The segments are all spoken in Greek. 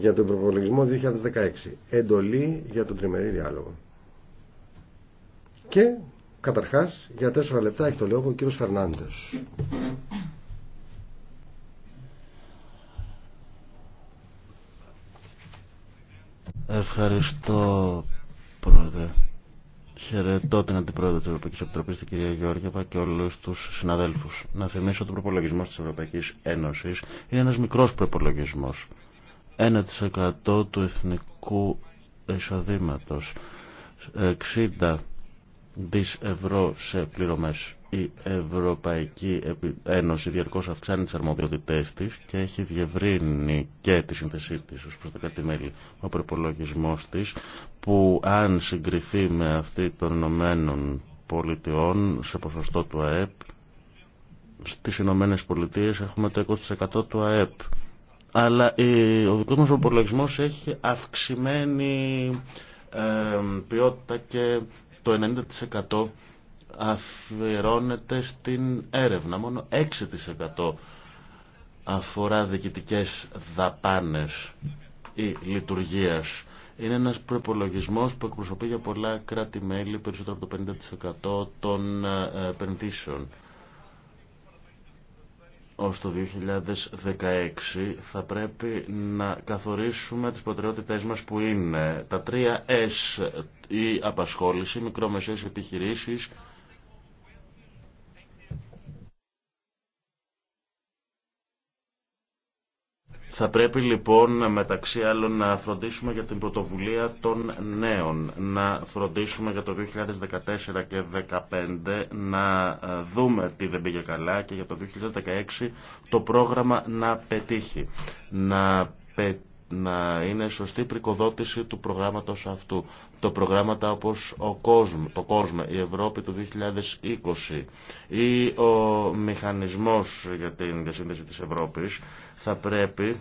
για τον προπολογισμό 2016. Εντολή για τον τριμερή διάλογο. Και καταρχάς για τέσσερα λεπτά έχει το λόγο ο κύριος Φερνάντες. Ευχαριστώ πρόεδρε. Χαιρετώ την Αντιπρόεδρο τη Ευρωπαϊκή Επιτροπή, την κυρία Γεώργιαβα και όλου του συναδέλφου. Να θυμίσω ότι ο προπολογισμό τη Ευρωπαϊκή Ένωση είναι ένα μικρό προπολογισμό 1% του εθνικού εισοδήματος, 60 δις ευρώ σε πληρωμές. Η Ευρωπαϊκή Ένωση διαρκώς αυξάνει τις αρμοδιότητές της και έχει διευρύνει και τη σύνθεσή της ως προς τα κράτη-μέλη. Ο προπολογισμό της που αν συγκριθεί με αυτή των Ηνωμένων Πολιτειών σε ποσοστό του ΑΕΠ, στις Ηνωμένε Πολιτείες έχουμε το 20% του ΑΕΠ αλλά ε, ο δικός μας προπολογισμό έχει αυξημένη ε, ποιότητα και το 90% αφιερώνεται στην έρευνα. Μόνο 6% αφορά διοικητικές δαπάνες ή λειτουργίας. Είναι ένας προπολογισμό που εκπροσωπεί για πολλά κράτη-μέλη περισσότερο από το 50% των ε, επενδύσεων ως το 2016 θα πρέπει να καθορίσουμε τις προτεραιότητές μας που είναι τα τρία S, η απασχόληση, μικρομεσαίες επιχειρήσεις, Θα πρέπει λοιπόν μεταξύ άλλων να φροντίσουμε για την πρωτοβουλία των νέων, να φροντίσουμε για το 2014 και 2015, να ε, δούμε τι δεν πήγε καλά και για το 2016 το πρόγραμμα να πετύχει, να, να είναι σωστή πρικοδότηση του προγράμματος αυτού. Το προγράμματα όπως ο κόσμο, το κόσμο, η Ευρώπη του 2020 ή ο μηχανισμός για την διασύνδεση της Ευρώπης θα πρέπει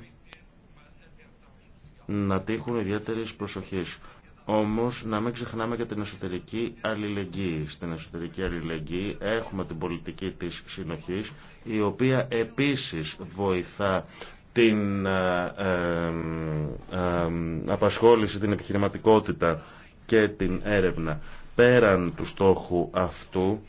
να τύχουν ιδιαίτερη προσοχή. Όμως να μην ξεχνάμε και την εσωτερική αλληλεγγύη. Στην εσωτερική αλληλεγγύη έχουμε την πολιτική της συνοχή, η οποία επίσης βοηθά την ε, ε, ε, απασχόληση, την επιχειρηματικότητα και την έρευνα. Πέραν του στόχου αυτού,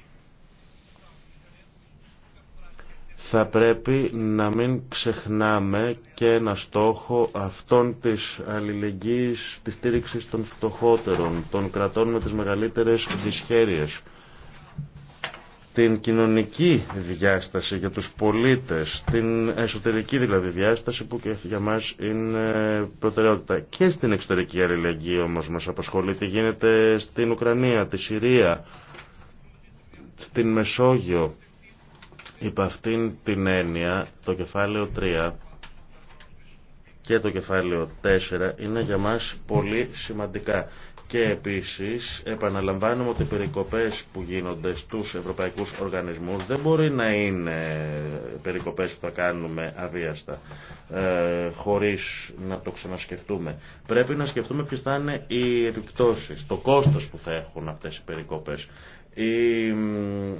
θα πρέπει να μην ξεχνάμε και ένα στόχο αυτών της αλληλεγγύης, της στήριξης των φτωχότερων, των κρατών με τις μεγαλύτερες δυσχέρειες. Την κοινωνική διάσταση για τους πολίτες, την εσωτερική δηλαδή διάσταση που και για μας είναι προτεραιότητα. Και στην εξωτερική αλληλεγγύη όμως μας απασχολεί τι γίνεται στην Ουκρανία, τη Συρία, στην Μεσόγειο Υπ' αυτήν την έννοια, το κεφάλαιο 3 και το κεφάλαιο 4 είναι για μας πολύ σημαντικά. Και επίσης επαναλαμβάνουμε ότι οι περικοπές που γίνονται στους ευρωπαϊκούς οργανισμούς δεν μπορεί να είναι περικοπές που θα κάνουμε αβίαστα ε, χωρίς να το ξανασκεφτούμε. Πρέπει να σκεφτούμε ποιες θα είναι οι επιπτώσεις, το κόστος που θα έχουν αυτές οι περικοπές. Η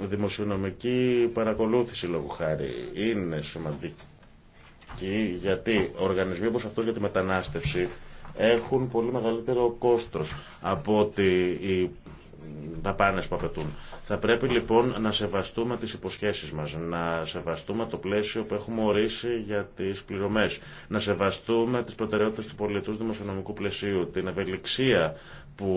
δημοσιονομική παρακολούθηση λόγω χάρη είναι σημαντική γιατί οργανισμοί όπως αυτό για τη μετανάστευση έχουν πολύ μεγαλύτερο κόστος από ότι οι δαπάνες που απαιτούν. Θα πρέπει λοιπόν να σεβαστούμε τις υποσχέσεις μας, να σεβαστούμε το πλαίσιο που έχουμε ορίσει για τις πληρωμές, να σεβαστούμε τις προτεραιότητες του πολιτού δημοσιονομικού πλαισίου, την ευελιξία που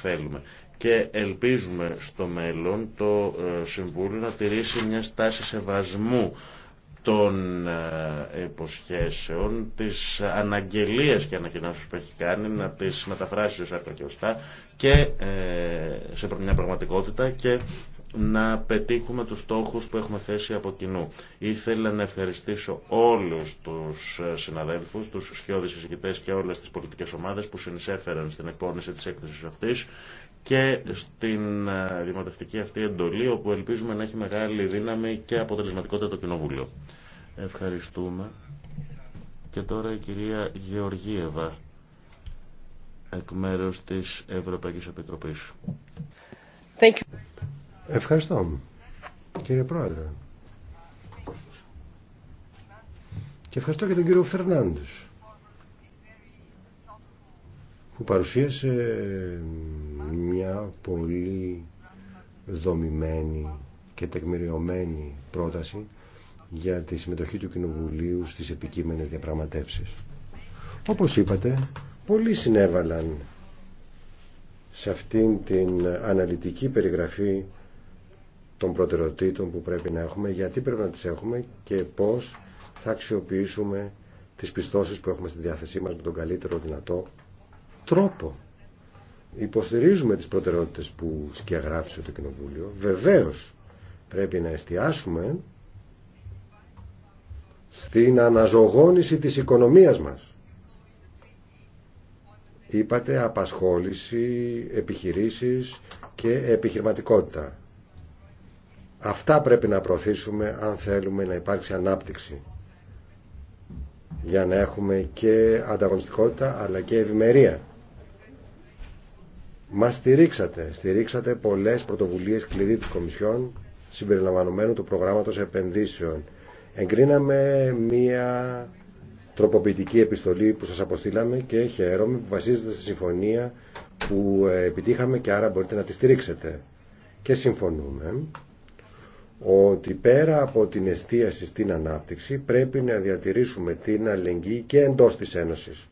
θέλουμε και ελπίζουμε στο μέλλον το ε, Συμβούλιο να τηρήσει μια στάση σεβασμού των ε, υποσχέσεων, τις αναγγελίες και ανακοινώσεις που έχει κάνει, να τις μεταφράσει ως άρκα και οστά και ε, σε μια πραγματικότητα και να πετύχουμε τους στόχους που έχουμε θέσει από κοινού. Ήθελα να ευχαριστήσω όλους τους συναδέλφους, τους σκιώδεις συζητητές και όλες τις πολιτικές ομάδες που συνεισέφεραν στην εκπόνηση της έκθεσης αυτής και στην ε, δημοτευτική αυτή εντολή όπου ελπίζουμε να έχει μεγάλη δύναμη και αποτελεσματικότητα το Κοινοβούλιο. Ευχαριστούμε. Και τώρα η κυρία Γεωργίευα εκ μέρους της Ευρωπαϊκής Επιτροπής. Ευχαριστώ κύριε Πρόεδρε. Και ευχαριστώ και τον κύριο Φερνάντες που παρουσίασε μια πολύ δομημένη και τεκμηριωμένη πρόταση για τη συμμετοχή του Κοινοβουλίου στις επικείμενες διαπραγματεύσεις. Όπως είπατε, πολλοί συνέβαλαν σε αυτήν την αναλυτική περιγραφή των προτεραιοτήτων που πρέπει να έχουμε, γιατί πρέπει να τις έχουμε και πώς θα αξιοποιήσουμε τις πιστώσεις που έχουμε στη διάθεσή μας με τον καλύτερο δυνατό τρόπο. Υποστηρίζουμε τις προτεραιότητες που σκιαγράφησε το Κοινοβούλιο. Βεβαίως πρέπει να εστιάσουμε στην αναζωγόνηση της οικονομίας μας. Είπατε απασχόληση, επιχειρήσεις και επιχειρηματικότητα. Αυτά πρέπει να προωθήσουμε αν θέλουμε να υπάρξει ανάπτυξη για να έχουμε και ανταγωνιστικότητα αλλά και ευημερία. Μας στηρίξατε, στηρίξατε πολλές πρωτοβουλίες κλειδί της Κομισιόν συμπεριλαμβανομένου του προγράμματος επενδύσεων. Εγκρίναμε μία τροποποιητική επιστολή που σας αποστήλαμε και χαίρομαι που βασίζεται στη συμφωνία που ε, επιτύχαμε και άρα μπορείτε να τη στηρίξετε. Και συμφωνούμε ότι πέρα από την εστίαση στην ανάπτυξη πρέπει να διατηρήσουμε την αλληλεγγύη και εντός της Ένωσης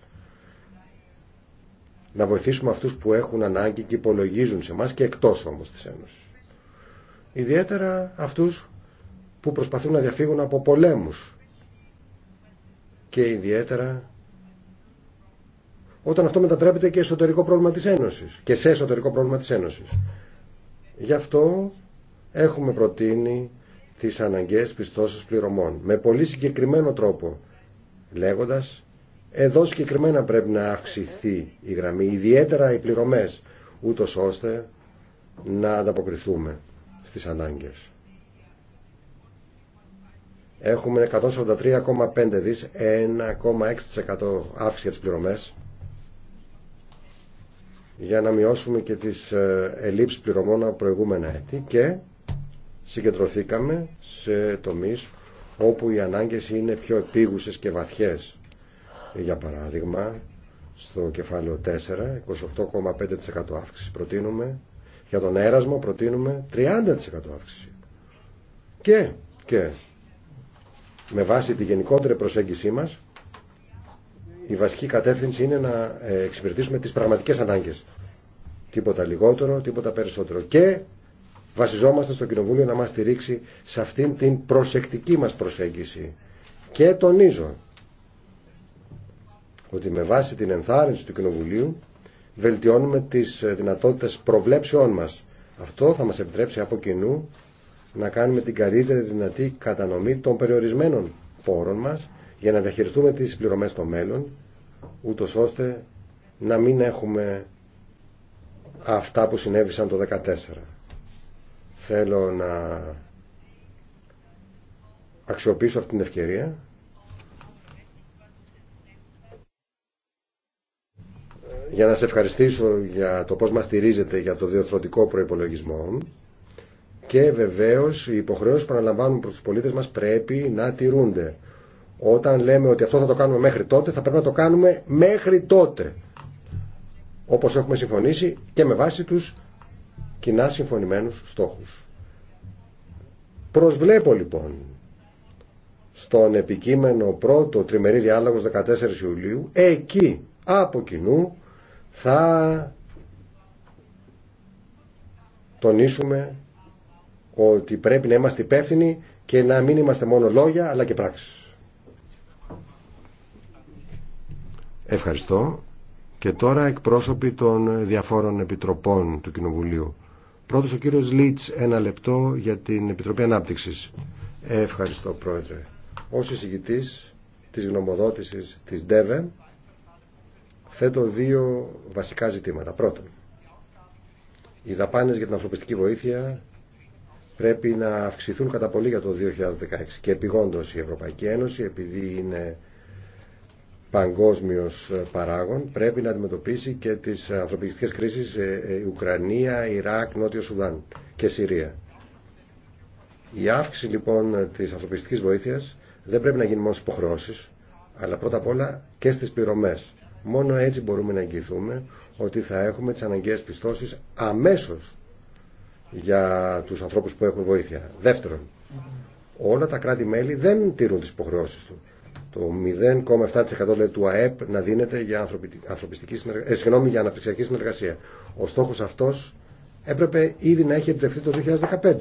να βοηθήσουμε αυτούς που έχουν ανάγκη και υπολογίζουν σε μας και εκτός όμως της Ένωσης. Ιδιαίτερα αυτούς που προσπαθούν να διαφύγουν από πολέμους και ιδιαίτερα όταν αυτό μετατρέπεται και εσωτερικό πρόβλημα της Ένωσης και σε εσωτερικό πρόβλημα της Ένωσης. Γι' αυτό έχουμε προτείνει τις αναγκαίες πιστώσεις πληρωμών με πολύ συγκεκριμένο τρόπο λέγοντας εδώ συγκεκριμένα πρέπει να αυξηθεί η γραμμή, ιδιαίτερα οι πληρωμές, ούτω ώστε να ανταποκριθούμε στις ανάγκες. Έχουμε 143,5 δις, 1,6% αύξηση τις πληρωμές για να μειώσουμε και τις ε, ελλείψεις πληρωμών από προηγούμενα έτη και συγκεντρωθήκαμε σε τομείς όπου οι ανάγκες είναι πιο επίγουσες και βαθιές για παράδειγμα, στο κεφάλαιο 4, 28,5% αύξηση προτείνουμε. Για τον έρασμο προτείνουμε 30% αύξηση. Και, και με βάση τη γενικότερη προσέγγισή μας, η βασική κατεύθυνση είναι να ε, εξυπηρετήσουμε τις πραγματικές ανάγκες. Τίποτα λιγότερο, τίποτα περισσότερο. Και βασιζόμαστε στο Κοινοβούλιο να μας στηρίξει σε αυτήν την προσεκτική μας προσέγγιση. Και τονίζω, ότι με βάση την ενθάρρυνση του Κοινοβουλίου βελτιώνουμε τις ε, δυνατότητες προβλέψεών μας. Αυτό θα μας επιτρέψει από κοινού να κάνουμε την καλύτερη δυνατή κατανομή των περιορισμένων πόρων μας για να διαχειριστούμε τις πληρωμές στο μέλλον, ούτως ώστε να μην έχουμε αυτά που συνέβησαν το 2014. Θέλω να αξιοποιήσω αυτή την ευκαιρία για να σε ευχαριστήσω για το πώς μας στηρίζετε για το διορθωτικό προϋπολογισμό και βεβαίως οι υποχρεώσεις που αναλαμβάνουμε προς τους πολίτες μας πρέπει να τηρούνται. Όταν λέμε ότι αυτό θα το κάνουμε μέχρι τότε, θα πρέπει να το κάνουμε μέχρι τότε. Όπως έχουμε συμφωνήσει και με βάση τους κοινά συμφωνημένους στόχους. Προσβλέπω λοιπόν στον επικείμενο πρώτο τριμερή διάλογος 14 Ιουλίου, εκεί από κοινού θα τονίσουμε ότι πρέπει να είμαστε υπεύθυνοι και να μην είμαστε μόνο λόγια αλλά και πράξεις. Ευχαριστώ. Και τώρα εκπρόσωποι των διαφόρων επιτροπών του Κοινοβουλίου. Πρώτος ο κύριος Λίτς, ένα λεπτό για την Επιτροπή Ανάπτυξης. Ευχαριστώ Πρόεδρε. Ως εισηγητής της γνωμοδότησης της ΔΕΒΕΜ θέτω δύο βασικά ζητήματα. Πρώτον, οι δαπάνες για την ανθρωπιστική βοήθεια πρέπει να αυξηθούν κατά πολύ για το 2016 και επιγόντως η Ευρωπαϊκή Ένωση επειδή είναι παγκόσμιος παράγων πρέπει να αντιμετωπίσει και τις ανθρωπιστικές κρίσεις ε, ε, η Ουκρανία, Ιράκ, Νότιο Σουδάν και Συρία. Η αύξηση λοιπόν της ανθρωπιστικής βοήθειας δεν πρέπει να γίνει μόνο στις υποχρεώσεις αλλά πρώτα απ' όλα και στις πληρωμές Μόνο έτσι μπορούμε να εγγυηθούμε ότι θα έχουμε τις αναγκαίες πιστώσεις αμέσως για τους ανθρώπους που έχουν βοήθεια. Δεύτερον, όλα τα κράτη-μέλη δεν τηρούν τις υποχρεώσεις του. Το 0,7% του ΑΕΠ να δίνεται για, ανθρωπιστική συνεργα... ε, συγγνώμη, για αναπτυξιακή συνεργασία. Ο στόχος αυτός έπρεπε ήδη να έχει επιτευχθεί το 2015.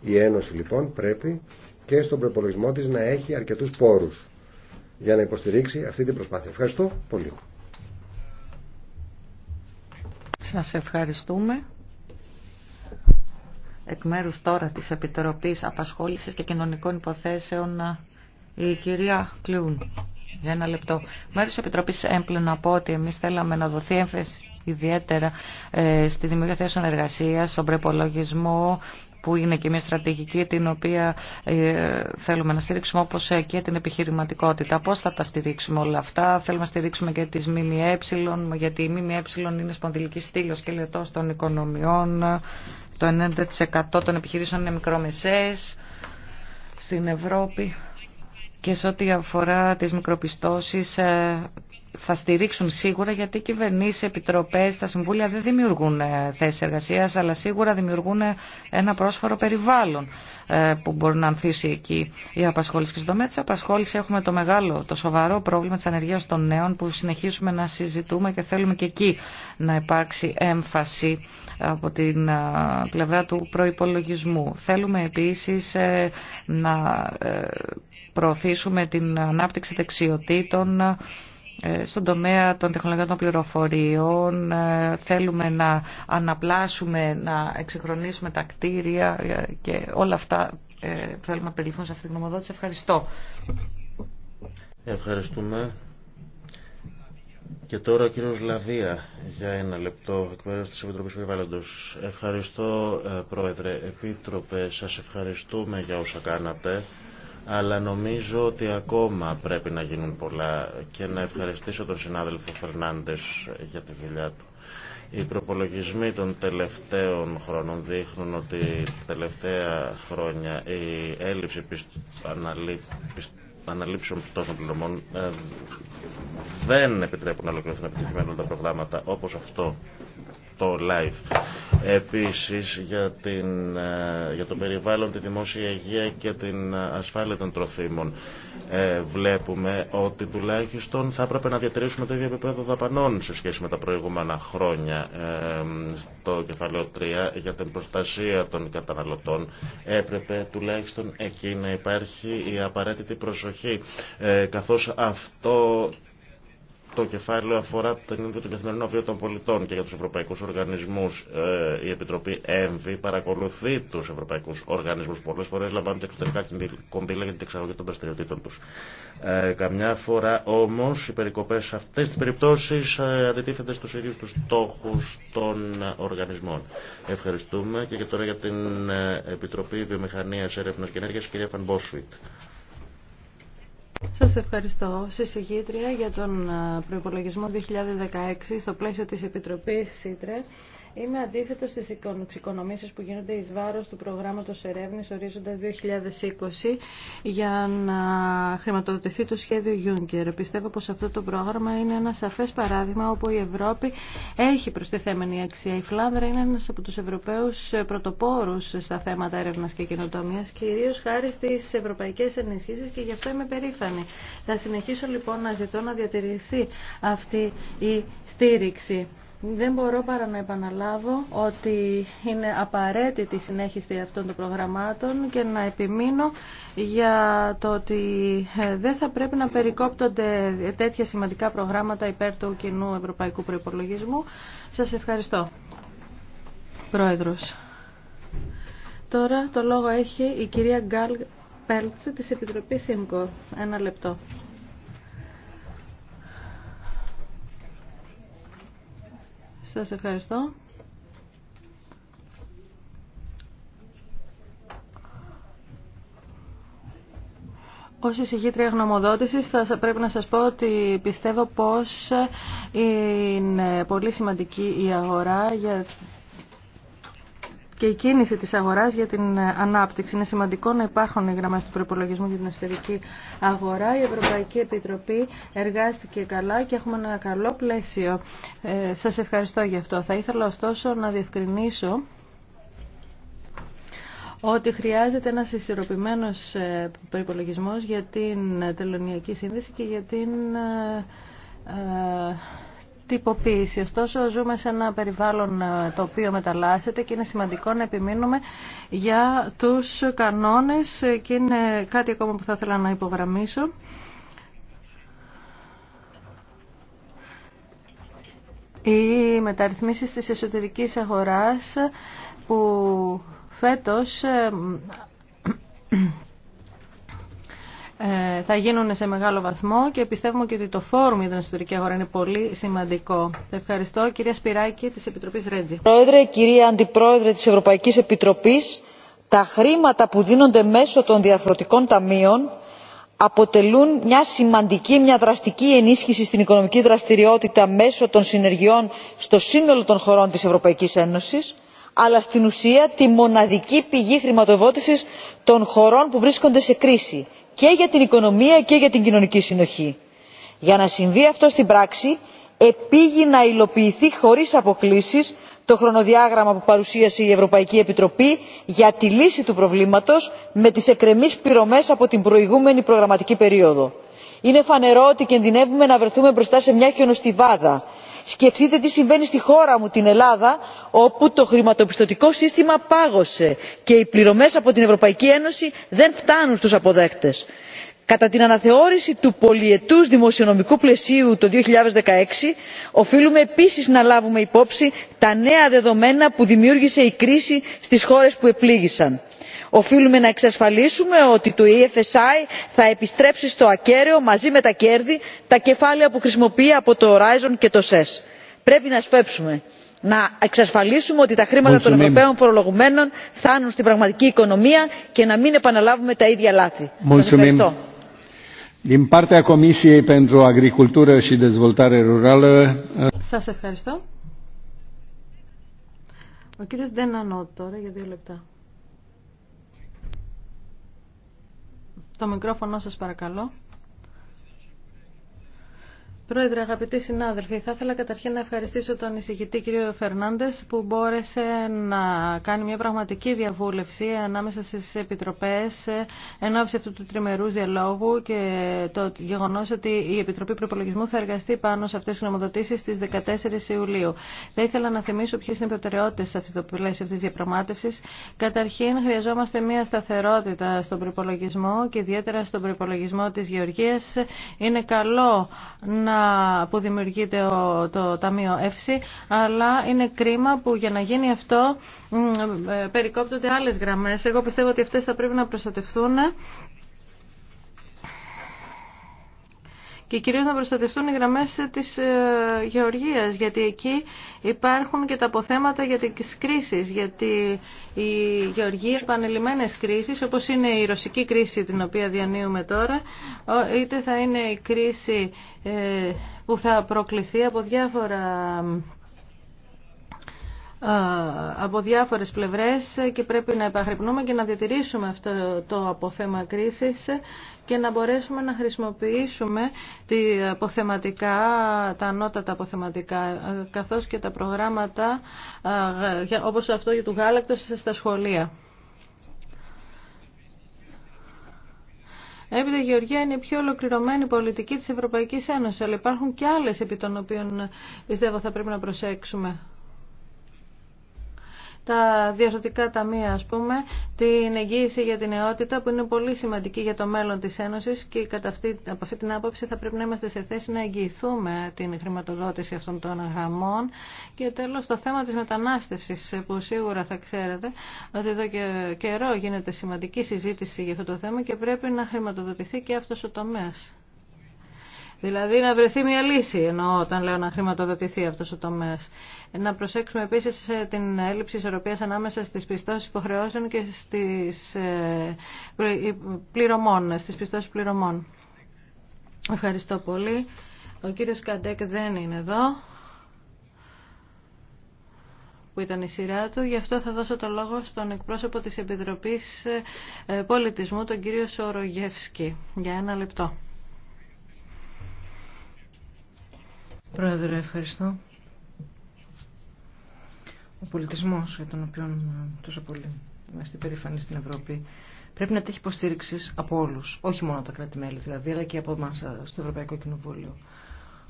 Η Ένωση λοιπόν πρέπει και στον προπολογισμό της να έχει αρκετούς πόρους για να υποστηρίξει αυτή την προσπάθεια. Ευχαριστώ πολύ σε ευχαριστούμε. Εκ μέρου τώρα της Επιτροπής Απασχόλησης και Κοινωνικών Υποθέσεων ε, η κυρία Κλουν, Για ένα λεπτό. Μέρος Επιτροπής έμπλε να πω ότι εμείς θέλαμε να δοθεί έμφαση ιδιαίτερα ε, στη δημιουργία θέσεων εργασίας, στον προπολογισμό, που είναι και μια στρατηγική την οποία ε, θέλουμε να στηρίξουμε όπως ε, και την επιχειρηματικότητα. Πώς θα τα στηρίξουμε όλα αυτά. Θέλουμε να στηρίξουμε και τις ΜΜΕ γιατί η ΜΜΕ είναι σπονδυλική στήλος και λετός των οικονομιών. Το 90% των επιχειρήσεων είναι μικρομεσαίες στην Ευρώπη. Και σε ό,τι αφορά τις μικροπιστώσεις, ε, θα στηρίξουν σίγουρα γιατί οι κυβερνήσει, οι επιτροπές, τα συμβούλια δεν δημιουργούν ε, θέσει εργασία, αλλά σίγουρα δημιουργούν ε, ένα πρόσφορο περιβάλλον ε, που μπορεί να ανθίσει εκεί η απασχόληση. Και στο τομέα τη απασχόληση έχουμε το μεγάλο, το σοβαρό πρόβλημα τη ανεργία των νέων που συνεχίσουμε να συζητούμε και θέλουμε και εκεί να υπάρξει έμφαση από την πλευρά του προπολογισμού. Θέλουμε επίση να προωθήσουμε την ανάπτυξη δεξιοτήτων ε, στον τομέα των τεχνολογιών των πληροφοριών ε, θέλουμε να αναπλάσουμε, να εξυγχρονίσουμε τα κτίρια ε, και όλα αυτά θέλουμε να περιληφθούν σε αυτή την γνωμοδότηση. Ευχαριστώ. Ευχαριστούμε. Και τώρα ο κύριο Λαβία για ένα λεπτό εκ της τη Επιτροπή Περιβάλλοντο. Ευχαριστώ, Πρόεδρε. Επίτροπε, σας ευχαριστούμε για όσα κάνατε αλλά νομίζω ότι ακόμα πρέπει να γίνουν πολλά και να ευχαριστήσω τον συνάδελφο Φερνάντες για τη δουλειά του. Οι προπολογισμοί των τελευταίων χρόνων δείχνουν ότι τα τελευταία χρόνια η έλλειψη αναλήψεων πιστώσεων πληρωμών ε, δεν επιτρέπουν να ολοκληρωθούν επιτυχημένα τα προγράμματα όπως αυτό το live. Επίσης για, την, ε, για το περιβάλλον, τη δημόσια υγεία και την ε, ασφάλεια των τροφίμων ε, βλέπουμε ότι τουλάχιστον θα έπρεπε να διατηρήσουμε το ίδιο επίπεδο δαπανών σε σχέση με τα προηγούμενα χρόνια ε, στο κεφαλαίο 3 για την προστασία των καταναλωτών έπρεπε τουλάχιστον εκεί να υπάρχει η απαραίτητη προσοχή ε, καθώς αυτό το κεφάλαιο αφορά την του καθημερινού βίου των πολιτών και για τους ευρωπαϊκούς οργανισμούς ε, η Επιτροπή ΕΜΒΗ παρακολουθεί τους ευρωπαϊκούς οργανισμούς πολλές φορές λαμβάνουν και εξωτερικά κονδύλια για την εξαγωγή των δραστηριοτήτων τους. Ε, καμιά φορά όμως οι περικοπές σε αυτές τις περιπτώσεις ε, αντιτίθεται στους ίδιους τους στόχους των οργανισμών. Ευχαριστούμε και, και τώρα για την Επιτροπή Βιομηχανίας Έρευνας και Ενέργειας κυρία Φανμπόσουιτ. Σας ευχαριστώ συζητήτρια για τον ε, προϋπολογισμό 2016 στο πλαίσιο της Επιτροπής ΣΥΤΡΕ. Είμαι αντίθετο στι εξοικονομήσει που γίνονται ει βάρο του προγράμματο ερεύνη Ορίζοντα 2020 για να χρηματοδοτηθεί το σχέδιο Juncker. Πιστεύω πω αυτό το πρόγραμμα είναι ένα σαφέ παράδειγμα όπου η Ευρώπη έχει προστιθέμενη αξία. Η Φλάνδρα είναι ένα από του Ευρωπαίου πρωτοπόρου στα θέματα έρευνα και καινοτομία, κυρίω χάρη στι ευρωπαϊκέ ενισχύσει και γι' αυτό είμαι περήφανη. Θα συνεχίσω λοιπόν να ζητώ να διατηρηθεί αυτή η στήριξη. Δεν μπορώ παρά να επαναλάβω ότι είναι απαραίτητη η συνέχιση αυτών των προγραμμάτων και να επιμείνω για το ότι ε, δεν θα πρέπει να περικόπτονται τέτοια σημαντικά προγράμματα υπέρ του κοινού ευρωπαϊκού προϋπολογισμού. Σας ευχαριστώ. Πρόεδρος. Τώρα το λόγο έχει η κυρία Γκάλ Πέλτσε της Επιτροπής ΣΥΜΚΟ. Ένα λεπτό. Σας ευχαριστώ. Ως εισηγήτρια γνωμοδότησης θα πρέπει να σας πω ότι πιστεύω πως είναι πολύ σημαντική η αγορά για και η κίνηση της αγοράς για την ε, ανάπτυξη. Είναι σημαντικό να υπάρχουν οι γραμμές του προπολογισμού για την εσωτερική αγορά. Η Ευρωπαϊκή Επιτροπή εργάστηκε καλά και έχουμε ένα καλό πλαίσιο. Ε, σας ευχαριστώ γι' αυτό. Θα ήθελα ωστόσο να διευκρινίσω ότι χρειάζεται ένας ισορροπημένος ε, προϋπολογισμός για την τελωνιακή σύνδεση και για την ε, τυποποίηση. Ωστόσο, ζούμε σε ένα περιβάλλον ε, το οποίο μεταλλάσσεται και είναι σημαντικό να επιμείνουμε για τους κανόνες ε, και είναι κάτι ακόμα που θα ήθελα να υπογραμμίσω. Οι μεταρρυθμίσεις της εσωτερικής αγοράς που φέτος ε, ε, θα γίνουν σε μεγάλο βαθμό και πιστεύουμε και ότι το φόρουμ για την εσωτερική αγορά είναι πολύ σημαντικό. Ευχαριστώ κυρία Σπυράκη της Επιτροπής Ρέτζη. Πρόεδρε, κυρία Αντιπρόεδρε της Ευρωπαϊκής Επιτροπής, τα χρήματα που δίνονται μέσω των διαθροτικών ταμείων αποτελούν μια σημαντική, μια δραστική ενίσχυση στην οικονομική δραστηριότητα μέσω των συνεργειών στο σύνολο των χωρών της Ευρωπαϊκής Ένωσης αλλά στην ουσία τη μοναδική πηγή χρηματοδότησης των χωρών που βρίσκονται σε κρίση και για την οικονομία και για την κοινωνική συνοχή. για να συμβεί αυτό στην πράξη επήγει να υλοποιηθεί χωρίς αποκλήσεις το χρονοδιάγραμμα που παρουσίασε η ευρωπαϊκή επιτροπή για τη λύση του προβλήματος με τις εκρεμείς πληρωμές από την προηγούμενη προγραμματική περίοδο. είναι φανερό ότι κινδυνεύουμε να βρεθούμε μπροστά σε μια χιονοστιβάδα σκεφτείτε τι συμβαίνει στη χώρα μου την ελλάδα όπου το χρηματοπιστωτικό σύστημα πάγωσε και οι πληρωμές από την ευρωπαϊκή ένωση δεν φτάνουν στους αποδέκτες. κατά την αναθεώρηση του πολυετούς δημοσιονομικού πλαισίου το 2016 οφείλουμε επίσης να λάβουμε υπόψη τα νέα δεδομένα που δημιούργησε η κρίση στις χώρες που επλήγησαν οφείλουμε να εξασφαλίσουμε ότι το efsi θα επιστρέψει στο ακέραιο μαζί με τα κέρδη τα κεφάλαια που χρησιμοποιεί από το horizon και το ses. πρέπει να σφέψουμε να εξασφαλίσουμε ότι τα χρήματα των ευρωπαίων φορολογουμένων φτάνουν στην πραγματική οικονομία και να μην επαναλάβουμε τα ίδια λάθη. Σας ευχαριστώ. Ο κύριος τώρα για δύο λεπτά. Το μικρόφωνο σας παρακαλώ. Πρόεδρε, αγαπητοί συνάδελφοι, θα ήθελα καταρχήν να ευχαριστήσω τον εισηγητή κύριο Φερνάντε που μπόρεσε να κάνει μια πραγματική διαβούλευση ανάμεσα στι επιτροπέ εν ώψη αυτού του τριμερού διαλόγου και το γεγονό ότι η Επιτροπή Προπολογισμού θα εργαστεί πάνω σε αυτέ τι γνωμοδοτήσει στι 14 Ιουλίου. Θα ήθελα να θυμίσω ποιε είναι οι προτεραιότητε σε αυτό το πλαίσιο αυτή τη διαπραγμάτευση. Καταρχήν, χρειαζόμαστε μια σταθερότητα στον προπολογισμό και ιδιαίτερα στον προπολογισμό τη Γεωργία. Είναι καλό να που δημιουργείται το, το Ταμείο ΕΦΣΥ, αλλά είναι κρίμα που για να γίνει αυτό ε, περικόπτονται άλλες γραμμές. Εγώ πιστεύω ότι αυτές θα πρέπει να προστατευτούν και κυρίως να προστατευτούν οι γραμμές της ε, γεωργίας γιατί εκεί υπάρχουν και τα αποθέματα για τις κρίσεις γιατί η γεωργία επανελειμμένες κρίσεις όπως είναι η ρωσική κρίση την οποία διανύουμε τώρα είτε θα είναι η κρίση ε, που θα προκληθεί από διάφορα από διάφορες πλευρές και πρέπει να επαγρυπνούμε και να διατηρήσουμε αυτό το αποθέμα κρίσης και να μπορέσουμε να χρησιμοποιήσουμε τη αποθεματικά, τα ανώτατα αποθεματικά καθώς και τα προγράμματα όπως αυτό για του γάλακτος στα σχολεία. Έπειτα η Γεωργία είναι η πιο ολοκληρωμένη πολιτική της Ευρωπαϊκής Ένωσης, αλλά υπάρχουν και άλλες επί των οποίων πιστεύω θα πρέπει να προσέξουμε τα διαρθρωτικά ταμεία, ας πούμε, την εγγύηση για την νεότητα που είναι πολύ σημαντική για το μέλλον της Ένωσης και κατά αυτή, από αυτή την άποψη θα πρέπει να είμαστε σε θέση να εγγυηθούμε την χρηματοδότηση αυτών των αγαμών. Και τέλος το θέμα της μετανάστευσης που σίγουρα θα ξέρετε ότι εδώ και καιρό γίνεται σημαντική συζήτηση για αυτό το θέμα και πρέπει να χρηματοδοτηθεί και αυτός ο τομέας. Δηλαδή να βρεθεί μια λύση, ενώ όταν λέω να χρηματοδοτηθεί αυτό ο τομέα. Να προσέξουμε επίση ε, την έλλειψη ισορροπία ανάμεσα στι πιστώσει υποχρεώσεων και στι ε, ε, πληρωμών, στις πιστώσει πληρωμών. Ευχαριστώ πολύ. Ο κύριος Καντέκ δεν είναι εδώ, που ήταν η σειρά του. Γι' αυτό θα δώσω το λόγο στον εκπρόσωπο της Επιτροπής Πολιτισμού, τον κύριο Σορογεύσκη, για ένα λεπτό. Πρόεδρε, ευχαριστώ. Ο πολιτισμός για τον οποίο τόσο πολύ είμαστε περήφανοι στην Ευρώπη πρέπει να τύχει υποστήριξη από όλους, όχι μόνο τα κράτη-μέλη δηλαδή, αλλά και από εμάς στο Ευρωπαϊκό Κοινοβούλιο.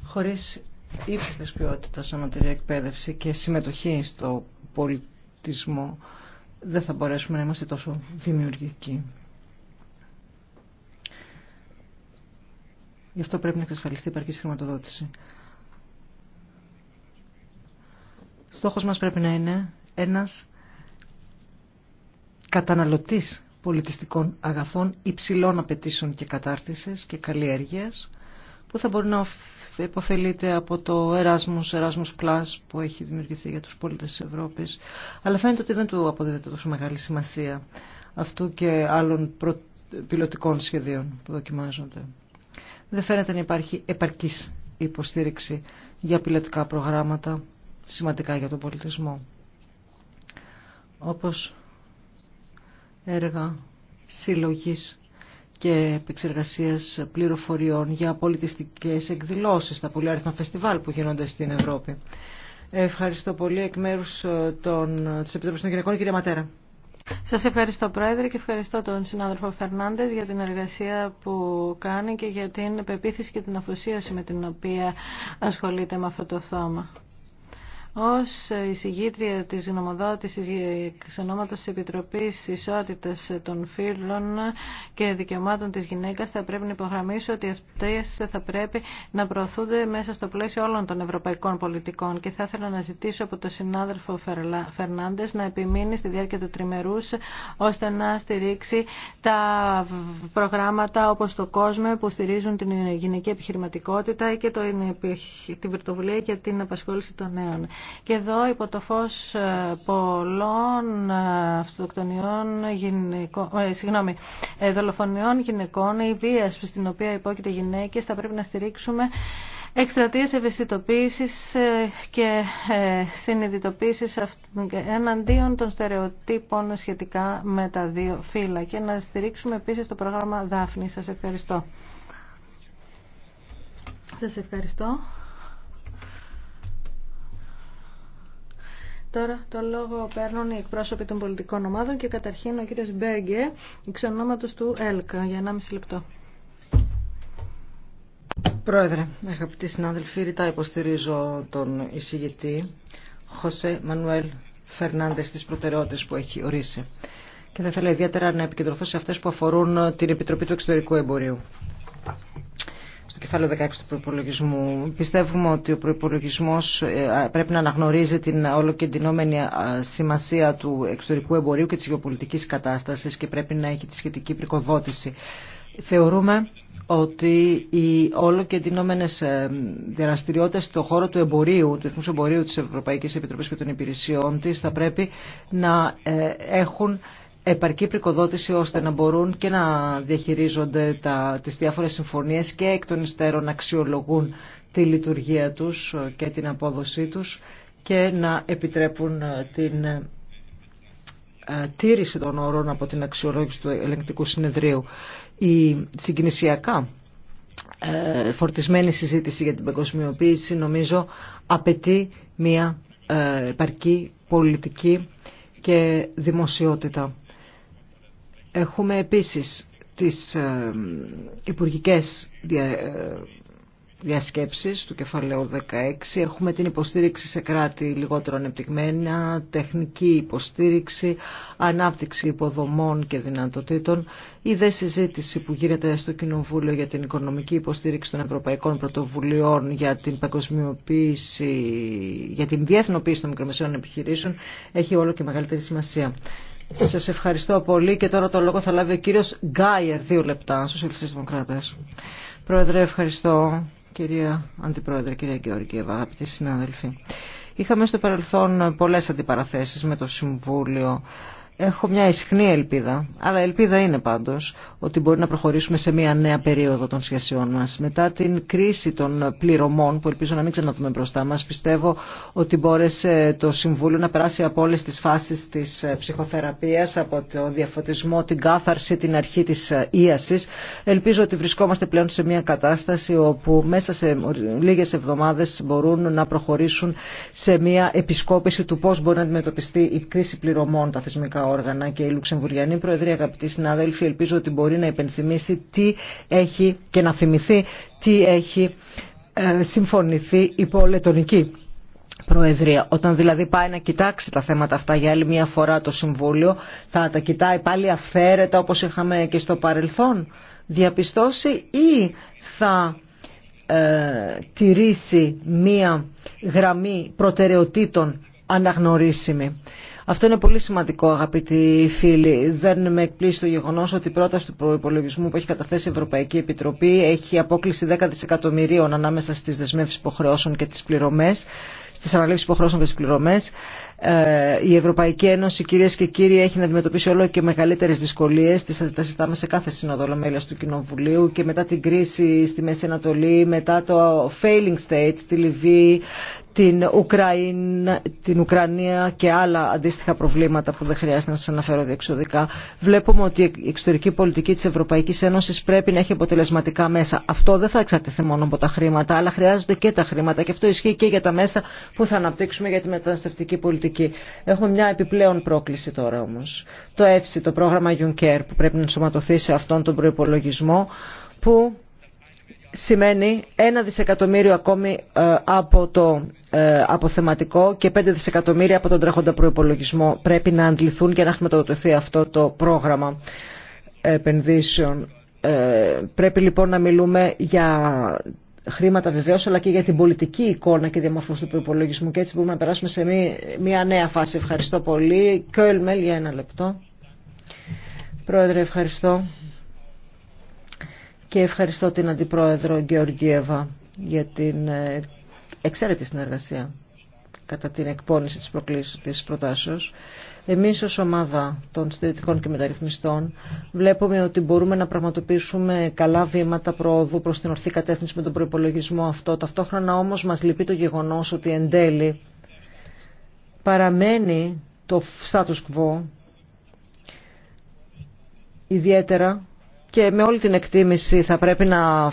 Χωρίς ποιότητα ποιότητας, ανωτερή εκπαίδευση και συμμετοχή στο πολιτισμό δεν θα μπορέσουμε να είμαστε τόσο δημιουργικοί. Γι' αυτό πρέπει να εξασφαλιστεί υπαρκή χρηματοδότηση. Στόχος μας πρέπει να είναι ένας καταναλωτής πολιτιστικών αγαθών υψηλών απαιτήσεων και κατάρτισης και καλλιέργειας που θα μπορεί να υποφελείται από το Erasmus, Erasmus Plus που έχει δημιουργηθεί για τους πολίτες της Ευρώπης αλλά φαίνεται ότι δεν του αποδίδεται τόσο μεγάλη σημασία αυτού και άλλων προ... πιλωτικών σχεδίων που δοκιμάζονται. Δεν φαίνεται να υπάρχει επαρκής υποστήριξη για πιλωτικά προγράμματα σημαντικά για τον πολιτισμό. Όπως έργα συλλογής και επεξεργασίας πληροφοριών για πολιτιστικές εκδηλώσεις στα πολυάριθμα φεστιβάλ που γίνονται στην Ευρώπη. Ευχαριστώ πολύ εκ μέρους ε, των, της των Γυναικών, κυρία Ματέρα. Σας ευχαριστώ Πρόεδρε και ευχαριστώ τον συνάδελφο Φερνάντες για την εργασία που κάνει και για την πεποίθηση και την αφοσίωση με την οποία ασχολείται με αυτό το θέμα. Ως εισηγήτρια της γνωμοδότησης εξ της Επιτροπής Ισότητας των Φύλων και Δικαιωμάτων της Γυναίκας θα πρέπει να υπογραμμίσω ότι αυτές θα πρέπει να προωθούνται μέσα στο πλαίσιο όλων των ευρωπαϊκών πολιτικών και θα ήθελα να ζητήσω από τον συνάδελφο Φερνάντες να επιμείνει στη διάρκεια του τριμερούς ώστε να στηρίξει τα προγράμματα όπως το κόσμο που στηρίζουν την γυναική επιχειρηματικότητα και την πρωτοβουλία για την απασχόληση των νέων. Και εδώ υπό το φως ε, πολλών ε, αυτοκτονιών γυναικών, ε, συγγνώμη, δολοφονιών γυναικών ή βία στην οποία υπόκειται γυναίκες θα πρέπει να στηρίξουμε εκστρατείες ευαισθητοποίησης και συνειδητοποίησης εναντίον των στερεοτύπων σχετικά με τα δύο φύλλα και να στηρίξουμε επίσης το πρόγραμμα Δάφνη. Σας ευχαριστώ. Σας ευχαριστώ. Τώρα το λόγο παίρνουν οι εκπρόσωποι των πολιτικών ομάδων και καταρχήν ο κύριος Μπέγκε, εξ του ΕΛΚΑ, για 1,5 λεπτό. Πρόεδρε, αγαπητοί συνάδελφοι, ρητά υποστηρίζω τον εισηγητή Χωσέ Μανουέλ Φερνάντες στις προτεραιότητες που έχει ορίσει. Και θα ήθελα ιδιαίτερα να επικεντρωθώ σε αυτές που αφορούν την Επιτροπή του Εξωτερικού Εμπορίου στο κεφάλαιο 16 του προπολογισμού. Πιστεύουμε ότι ο προπολογισμό ε, πρέπει να αναγνωρίζει την ολοκεντρωμένη ε, σημασία του εξωτερικού εμπορίου και τη γεωπολιτική κατάσταση και πρέπει να έχει τη σχετική πρικοδότηση. Θεωρούμε ότι οι όλο και εντυνόμενε δραστηριότητες στον χώρο του εμπορίου, του Εθνού Εμπορίου τη Ευρωπαϊκή Επιτροπή και των Υπηρεσιών τη θα πρέπει να ε, έχουν επαρκή πρικοδότηση ώστε να μπορούν και να διαχειρίζονται τα, τις διάφορες συμφωνίες και εκ των υστέρων να αξιολογούν τη λειτουργία τους και την απόδοσή τους και να επιτρέπουν ε, την ε, τήρηση των όρων από την αξιολόγηση του ελεγκτικού συνεδρίου. Η συγκινησιακά ε, φορτισμένη συζήτηση για την παγκοσμιοποίηση νομίζω απαιτεί μια επαρκή πολιτική και δημοσιότητα. Έχουμε επίσης τις ε, υπουργικές ε, διασκέψεις του κεφαλαίου 16. Έχουμε την υποστήριξη σε κράτη λιγότερο ανεπτυγμένα, τεχνική υποστήριξη, ανάπτυξη υποδομών και δυνατοτήτων. Η δε συζήτηση που γίνεται στο Κοινοβούλιο για την οικονομική υποστήριξη των Ευρωπαϊκών Πρωτοβουλειών για την παγκοσμιοποίηση, για την διεθνοποίηση των μικρομεσαίων επιχειρήσεων έχει όλο και μεγαλύτερη σημασία. Σα ευχαριστώ πολύ και τώρα το λόγο θα λάβει ο κύριος Γκάιερ, δύο λεπτά, Σοσιαλιστέ Δημοκράτε. Πρόεδρε, ευχαριστώ. Κυρία Αντιπρόεδρε, κυρία Γεωργίευα, αγαπητοί συνάδελφοι. Είχαμε στο παρελθόν πολλές αντιπαραθέσεις με το Συμβούλιο Έχω μια ισχνή ελπίδα, αλλά ελπίδα είναι πάντως ότι μπορεί να προχωρήσουμε σε μια νέα περίοδο των σχέσεών μας. Μετά την κρίση των πληρωμών, που ελπίζω να μην ξαναδούμε μπροστά μας, πιστεύω ότι μπόρεσε το Συμβούλιο να περάσει από όλες τις φάσεις της ε, ψυχοθεραπείας, από το διαφωτισμό, την κάθαρση, την αρχή της ε, ίασης. Ελπίζω ότι βρισκόμαστε πλέον σε μια κατάσταση όπου μέσα σε λίγες εβδομάδες μπορούν να προχωρήσουν σε μια επισκόπηση του πώς μπορεί να αντιμετωπιστεί η κρίση πληρωμών τα θεσμικά όργανα και η Λουξεμβουριανή Προεδρία, αγαπητοί συνάδελφοι, ελπίζω ότι μπορεί να υπενθυμίσει τι έχει και να θυμηθεί τι έχει ε, συμφωνηθεί η πολετονική Προεδρία. Όταν δηλαδή πάει να κοιτάξει τα θέματα αυτά για άλλη μια φορά το Συμβούλιο, θα τα κοιτάει πάλι αφαίρετα όπως είχαμε και στο παρελθόν διαπιστώσει ή θα ε, τηρήσει μία γραμμή προτεραιοτήτων αναγνωρίσιμη. Αυτό είναι πολύ σημαντικό αγαπητοί φίλοι. Δεν με εκπλήσει το γεγονό ότι η πρόταση του προπολογισμού που έχει καταθέσει η Ευρωπαϊκή Επιτροπή έχει απόκληση 10 δισεκατομμυρίων ανάμεσα στι δεσμεύσει υποχρεώσεων και τι πληρωμέ, στι αναλήψει υποχρεώσεων και τι πληρωμέ. Ε, η Ευρωπαϊκή Ένωση, κυρίε και κύριοι, έχει να αντιμετωπίσει όλο και μεγαλύτερε δυσκολίες. Τις συζητάμε σε κάθε σύνοδο μέλη του Κοινοβουλίου και μετά την κρίση στη Μέση Ανατολή, μετά το failing state, τη Λιβύη, την, την Ουκρανία και άλλα αντίστοιχα προβλήματα που δεν χρειάζεται να σα αναφέρω διεξοδικά. Βλέπουμε ότι η εξωτερική πολιτική τη Ευρωπαϊκή Ένωση πρέπει να έχει αποτελεσματικά μέσα. Αυτό δεν θα εξαρτηθεί μόνο από τα χρήματα, αλλά χρειάζονται και τα χρήματα και αυτό ισχύει και για τα μέσα που θα αναπτύξουμε για τη μεταναστευτική πολιτική. Έχουμε μια επιπλέον πρόκληση τώρα όμως. Το ΕΦΣΙ, το πρόγραμμα Juncker που πρέπει να ενσωματωθεί σε αυτόν τον προϋπολογισμό που σημαίνει ένα δισεκατομμύριο ακόμη ε, από το ε, αποθεματικό και πέντε δισεκατομμύρια από τον τρέχοντα προϋπολογισμό πρέπει να αντληθούν και να χρηματοδοτηθεί αυτό το πρόγραμμα επενδύσεων. Ε, πρέπει λοιπόν να μιλούμε για χρήματα βεβαίω, αλλά και για την πολιτική εικόνα και διαμόρφωση του προπολογισμού και έτσι μπορούμε να περάσουμε σε μια νέα φάση. Ευχαριστώ πολύ. Μέλ, για ένα λεπτό. Πρόεδρε, ευχαριστώ. Και ευχαριστώ την Αντιπρόεδρο Γεωργιέβα για την ε, εξαίρετη συνεργασία κατά την εκπόνηση της, της προτάσεως. Εμείς ως ομάδα των συντηρητικών και μεταρρυθμιστών βλέπουμε ότι μπορούμε να πραγματοποιήσουμε καλά βήματα προόδου προς την ορθή κατεύθυνση με τον προϋπολογισμό αυτό. Ταυτόχρονα όμως μας λυπεί το γεγονός ότι εν τέλει παραμένει το status quo ιδιαίτερα και με όλη την εκτίμηση θα πρέπει να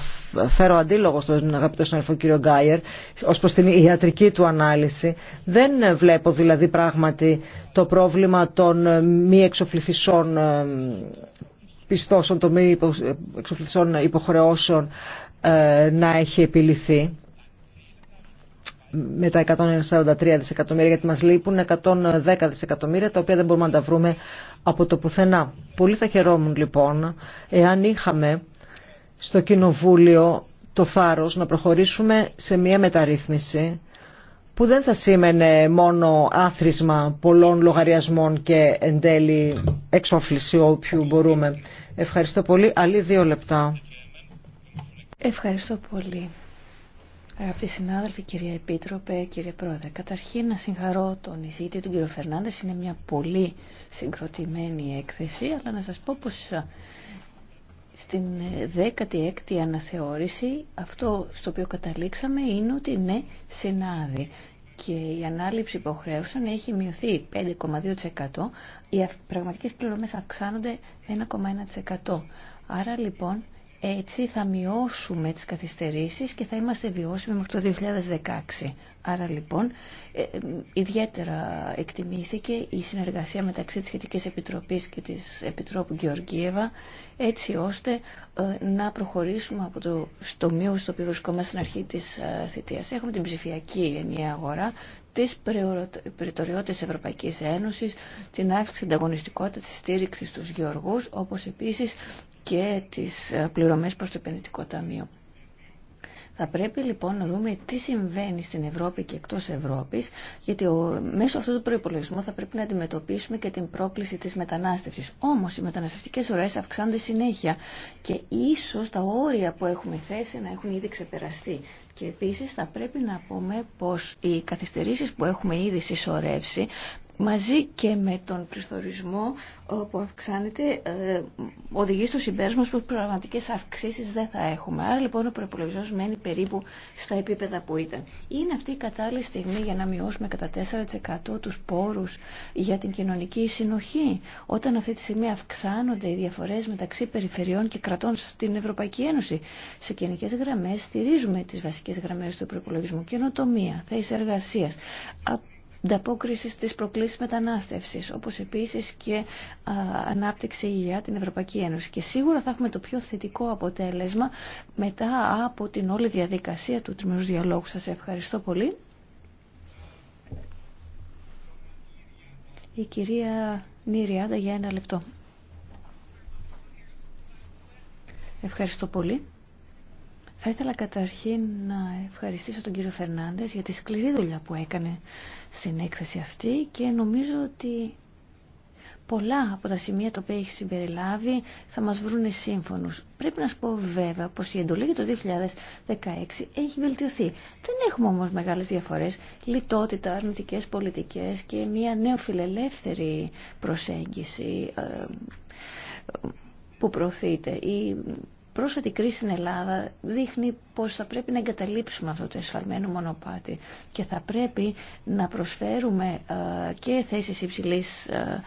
φέρω αντίλογο στον αγαπητό συνάδελφο κύριο Γκάιερ ως προς την ιατρική του ανάλυση. Δεν βλέπω δηλαδή πράγματι το πρόβλημα των ε, μη εξοφληθισών ε, πιστώσεων, των μη ε, εξοφληθισών υποχρεώσεων να έχει επιληθεί με τα 143 δισεκατομμύρια, γιατί μας λείπουν 110 δισεκατομμύρια, τα οποία δεν μπορούμε να τα βρούμε από το πουθενά. Πολύ θα χαιρόμουν λοιπόν, εάν είχαμε στο Κοινοβούλιο το θάρρος να προχωρήσουμε σε μια μεταρρύθμιση που δεν θα σήμαινε μόνο άθροισμα πολλών λογαριασμών και εν τέλει εξόφληση όποιου μπορούμε. Ευχαριστώ πολύ. Αλλή δύο λεπτά. Ευχαριστώ πολύ. Αγαπητοί συνάδελφοι, κυρία Επίτροπε, κύριε Πρόεδρε, καταρχήν να συγχαρώ τον εισηγητή, του κύριο Φερνάνδε. Είναι μια πολύ συγκροτημένη έκθεση, αλλά να σας πω πως στην 16η ε, αναθεώρηση αυτό στο οποίο καταλήξαμε είναι ότι ναι, συνάδει και η ανάληψη υποχρέωσεων έχει μειωθεί 5,2%, οι πραγματικές πληρωμές αυξάνονται 1,1%. Άρα λοιπόν έτσι θα μειώσουμε τις καθυστερήσεις και θα είμαστε βιώσιμοι μέχρι το 2016. Άρα λοιπόν ε, ε, ιδιαίτερα εκτιμήθηκε η συνεργασία μεταξύ της Σχετικής Επιτροπής και της Επιτρόπου Γεωργίευα έτσι ώστε ε, να προχωρήσουμε από το στομείο στο οποίο βρισκόμαστε στην αρχή της θητείας. Έχουμε την ψηφιακή ενιαία αγορά, τις της Ευρωπαϊκής Ένωσης, την αύξηση ανταγωνιστικότητα της στήριξης στους γεωργούς, όπως επίσης και τις ε, πληρωμές προς το επενδυτικό ταμείο. Θα πρέπει λοιπόν να δούμε τι συμβαίνει στην Ευρώπη και εκτός Ευρώπης, γιατί μέσω αυτού του προϋπολογισμού θα πρέπει να αντιμετωπίσουμε και την πρόκληση της μετανάστευσης. Όμως οι μεταναστευτικές ώρες αυξάνονται συνέχεια και ίσως τα όρια που έχουμε θέσει να έχουν ήδη ξεπεραστεί. Και επίσης θα πρέπει να πούμε πως οι καθυστερήσεις που έχουμε ήδη συσσωρεύσει μαζί και με τον πληθωρισμό ε, που αυξάνεται ε, οδηγεί στο συμπέρασμα πως πραγματικέ αυξήσεις δεν θα έχουμε. Άρα λοιπόν ο προπολογισμός μένει περίπου στα επίπεδα που ήταν. Είναι αυτή η κατάλληλη στιγμή για να μειώσουμε κατά 4% τους πόρους για την κοινωνική συνοχή όταν αυτή τη στιγμή αυξάνονται οι διαφορές μεταξύ περιφερειών και κρατών στην Ευρωπαϊκή Ένωση. Σε κοινικέ γραμμές στηρίζουμε τις βασικές γραμμές του προπολογισμού καινοτομία, θέση εργασία ανταπόκριση στις προκλήσεις μετανάστευσης, όπως επίσης και ανάπτυξη για την Ευρωπαϊκή Ένωση. Και σίγουρα θα έχουμε το πιο θετικό αποτέλεσμα μετά από την όλη διαδικασία του τριμερούς διαλόγου. Σας ευχαριστώ πολύ. Η κυρία Νίριάντα για ένα λεπτό. Ευχαριστώ πολύ. Θα ήθελα καταρχήν να ευχαριστήσω τον κύριο Φερνάντες για τη σκληρή δουλειά που έκανε στην έκθεση αυτή και νομίζω ότι πολλά από τα σημεία τα οποία έχει συμπεριλάβει θα μας βρούνε σύμφωνους. Πρέπει να σου πω βέβαια πως η εντολή για το 2016 έχει βελτιωθεί. Δεν έχουμε όμως μεγάλες διαφορές, λιτότητα, αρνητικές πολιτικές και μια νεοφιλελεύθερη προσέγγιση ε, που προωθείται. Η πρόσφατη κρίση στην Ελλάδα δείχνει πως θα πρέπει να εγκαταλείψουμε αυτό το εσφαλμένο μονοπάτι και θα πρέπει να προσφέρουμε ε, και θέσεις υψηλής ε,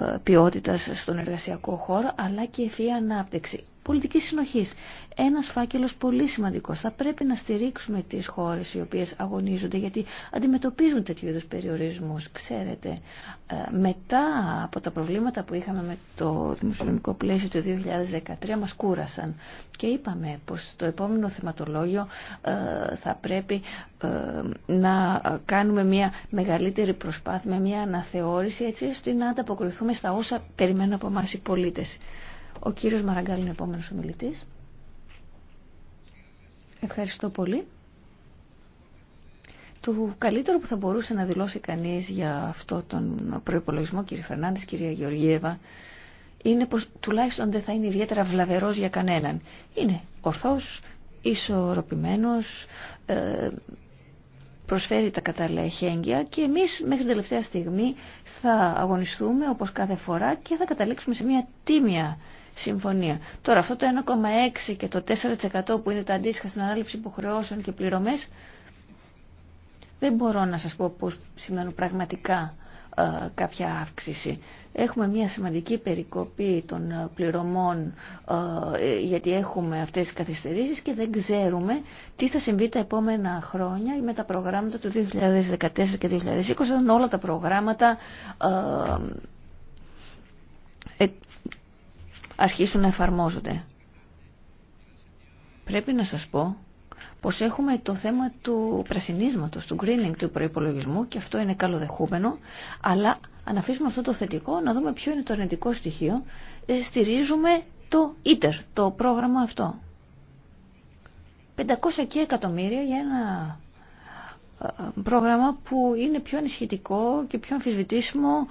ε, ποιότητας στον εργασιακό χώρο αλλά και ευφύ ανάπτυξη πολιτικής συνοχής. Ένας φάκελος πολύ σημαντικός. Θα πρέπει να στηρίξουμε τις χώρες οι οποίες αγωνίζονται γιατί αντιμετωπίζουν τέτοιου είδους περιορισμούς. Ξέρετε, ε, μετά από τα προβλήματα που είχαμε με το δημοσιονομικό πλαίσιο του 2013 μας κούρασαν και είπαμε πως το επόμενο θεματολόγιο ε, θα πρέπει ε, να κάνουμε μια μεγαλύτερη προσπάθεια, μια αναθεώρηση έτσι ώστε να ανταποκριθούμε στα όσα περιμένουν από εμά οι πολίτες. Ο κύριος Μαραγκάλ είναι ο επόμενος ομιλητής. Ευχαριστώ πολύ. Το καλύτερο που θα μπορούσε να δηλώσει κανείς για αυτό τον προϋπολογισμό, κύριε Φερνάντης, κυρία Γεωργίεβα, είναι πως τουλάχιστον δεν θα είναι ιδιαίτερα βλαβερός για κανέναν. Είναι ορθός, ισορροπημένος, ε, προσφέρει τα κατάλληλα εχέγγυα και εμείς μέχρι την τελευταία στιγμή θα αγωνιστούμε όπως κάθε φορά και θα καταλήξουμε σε μια τίμια συμφωνία. Τώρα αυτό το 1,6 και το 4% που είναι τα αντίστοιχα στην ανάληψη υποχρεώσεων και πληρωμές δεν μπορώ να σας πω πώς σημαίνουν πραγματικά ε, κάποια αύξηση. Έχουμε μια σημαντική περικοπή των ε, πληρωμών ε, γιατί έχουμε αυτές τις καθυστερήσεις και δεν ξέρουμε τι θα συμβεί τα επόμενα χρόνια με τα προγράμματα του 2014 και 2020 όταν όλα τα προγράμματα αρχίσουν να εφαρμόζονται. Πρέπει να σας πω πως έχουμε το θέμα του πρασινίσματος, του greening του προϋπολογισμού και αυτό είναι καλοδεχούμενο, αλλά αν αφήσουμε αυτό το θετικό να δούμε ποιο είναι το αρνητικό στοιχείο, ε, στηρίζουμε το ITER, το πρόγραμμα αυτό. 500 και εκατομμύρια για ένα ε, ε, πρόγραμμα που είναι πιο ανισχυτικό και πιο αμφισβητήσιμο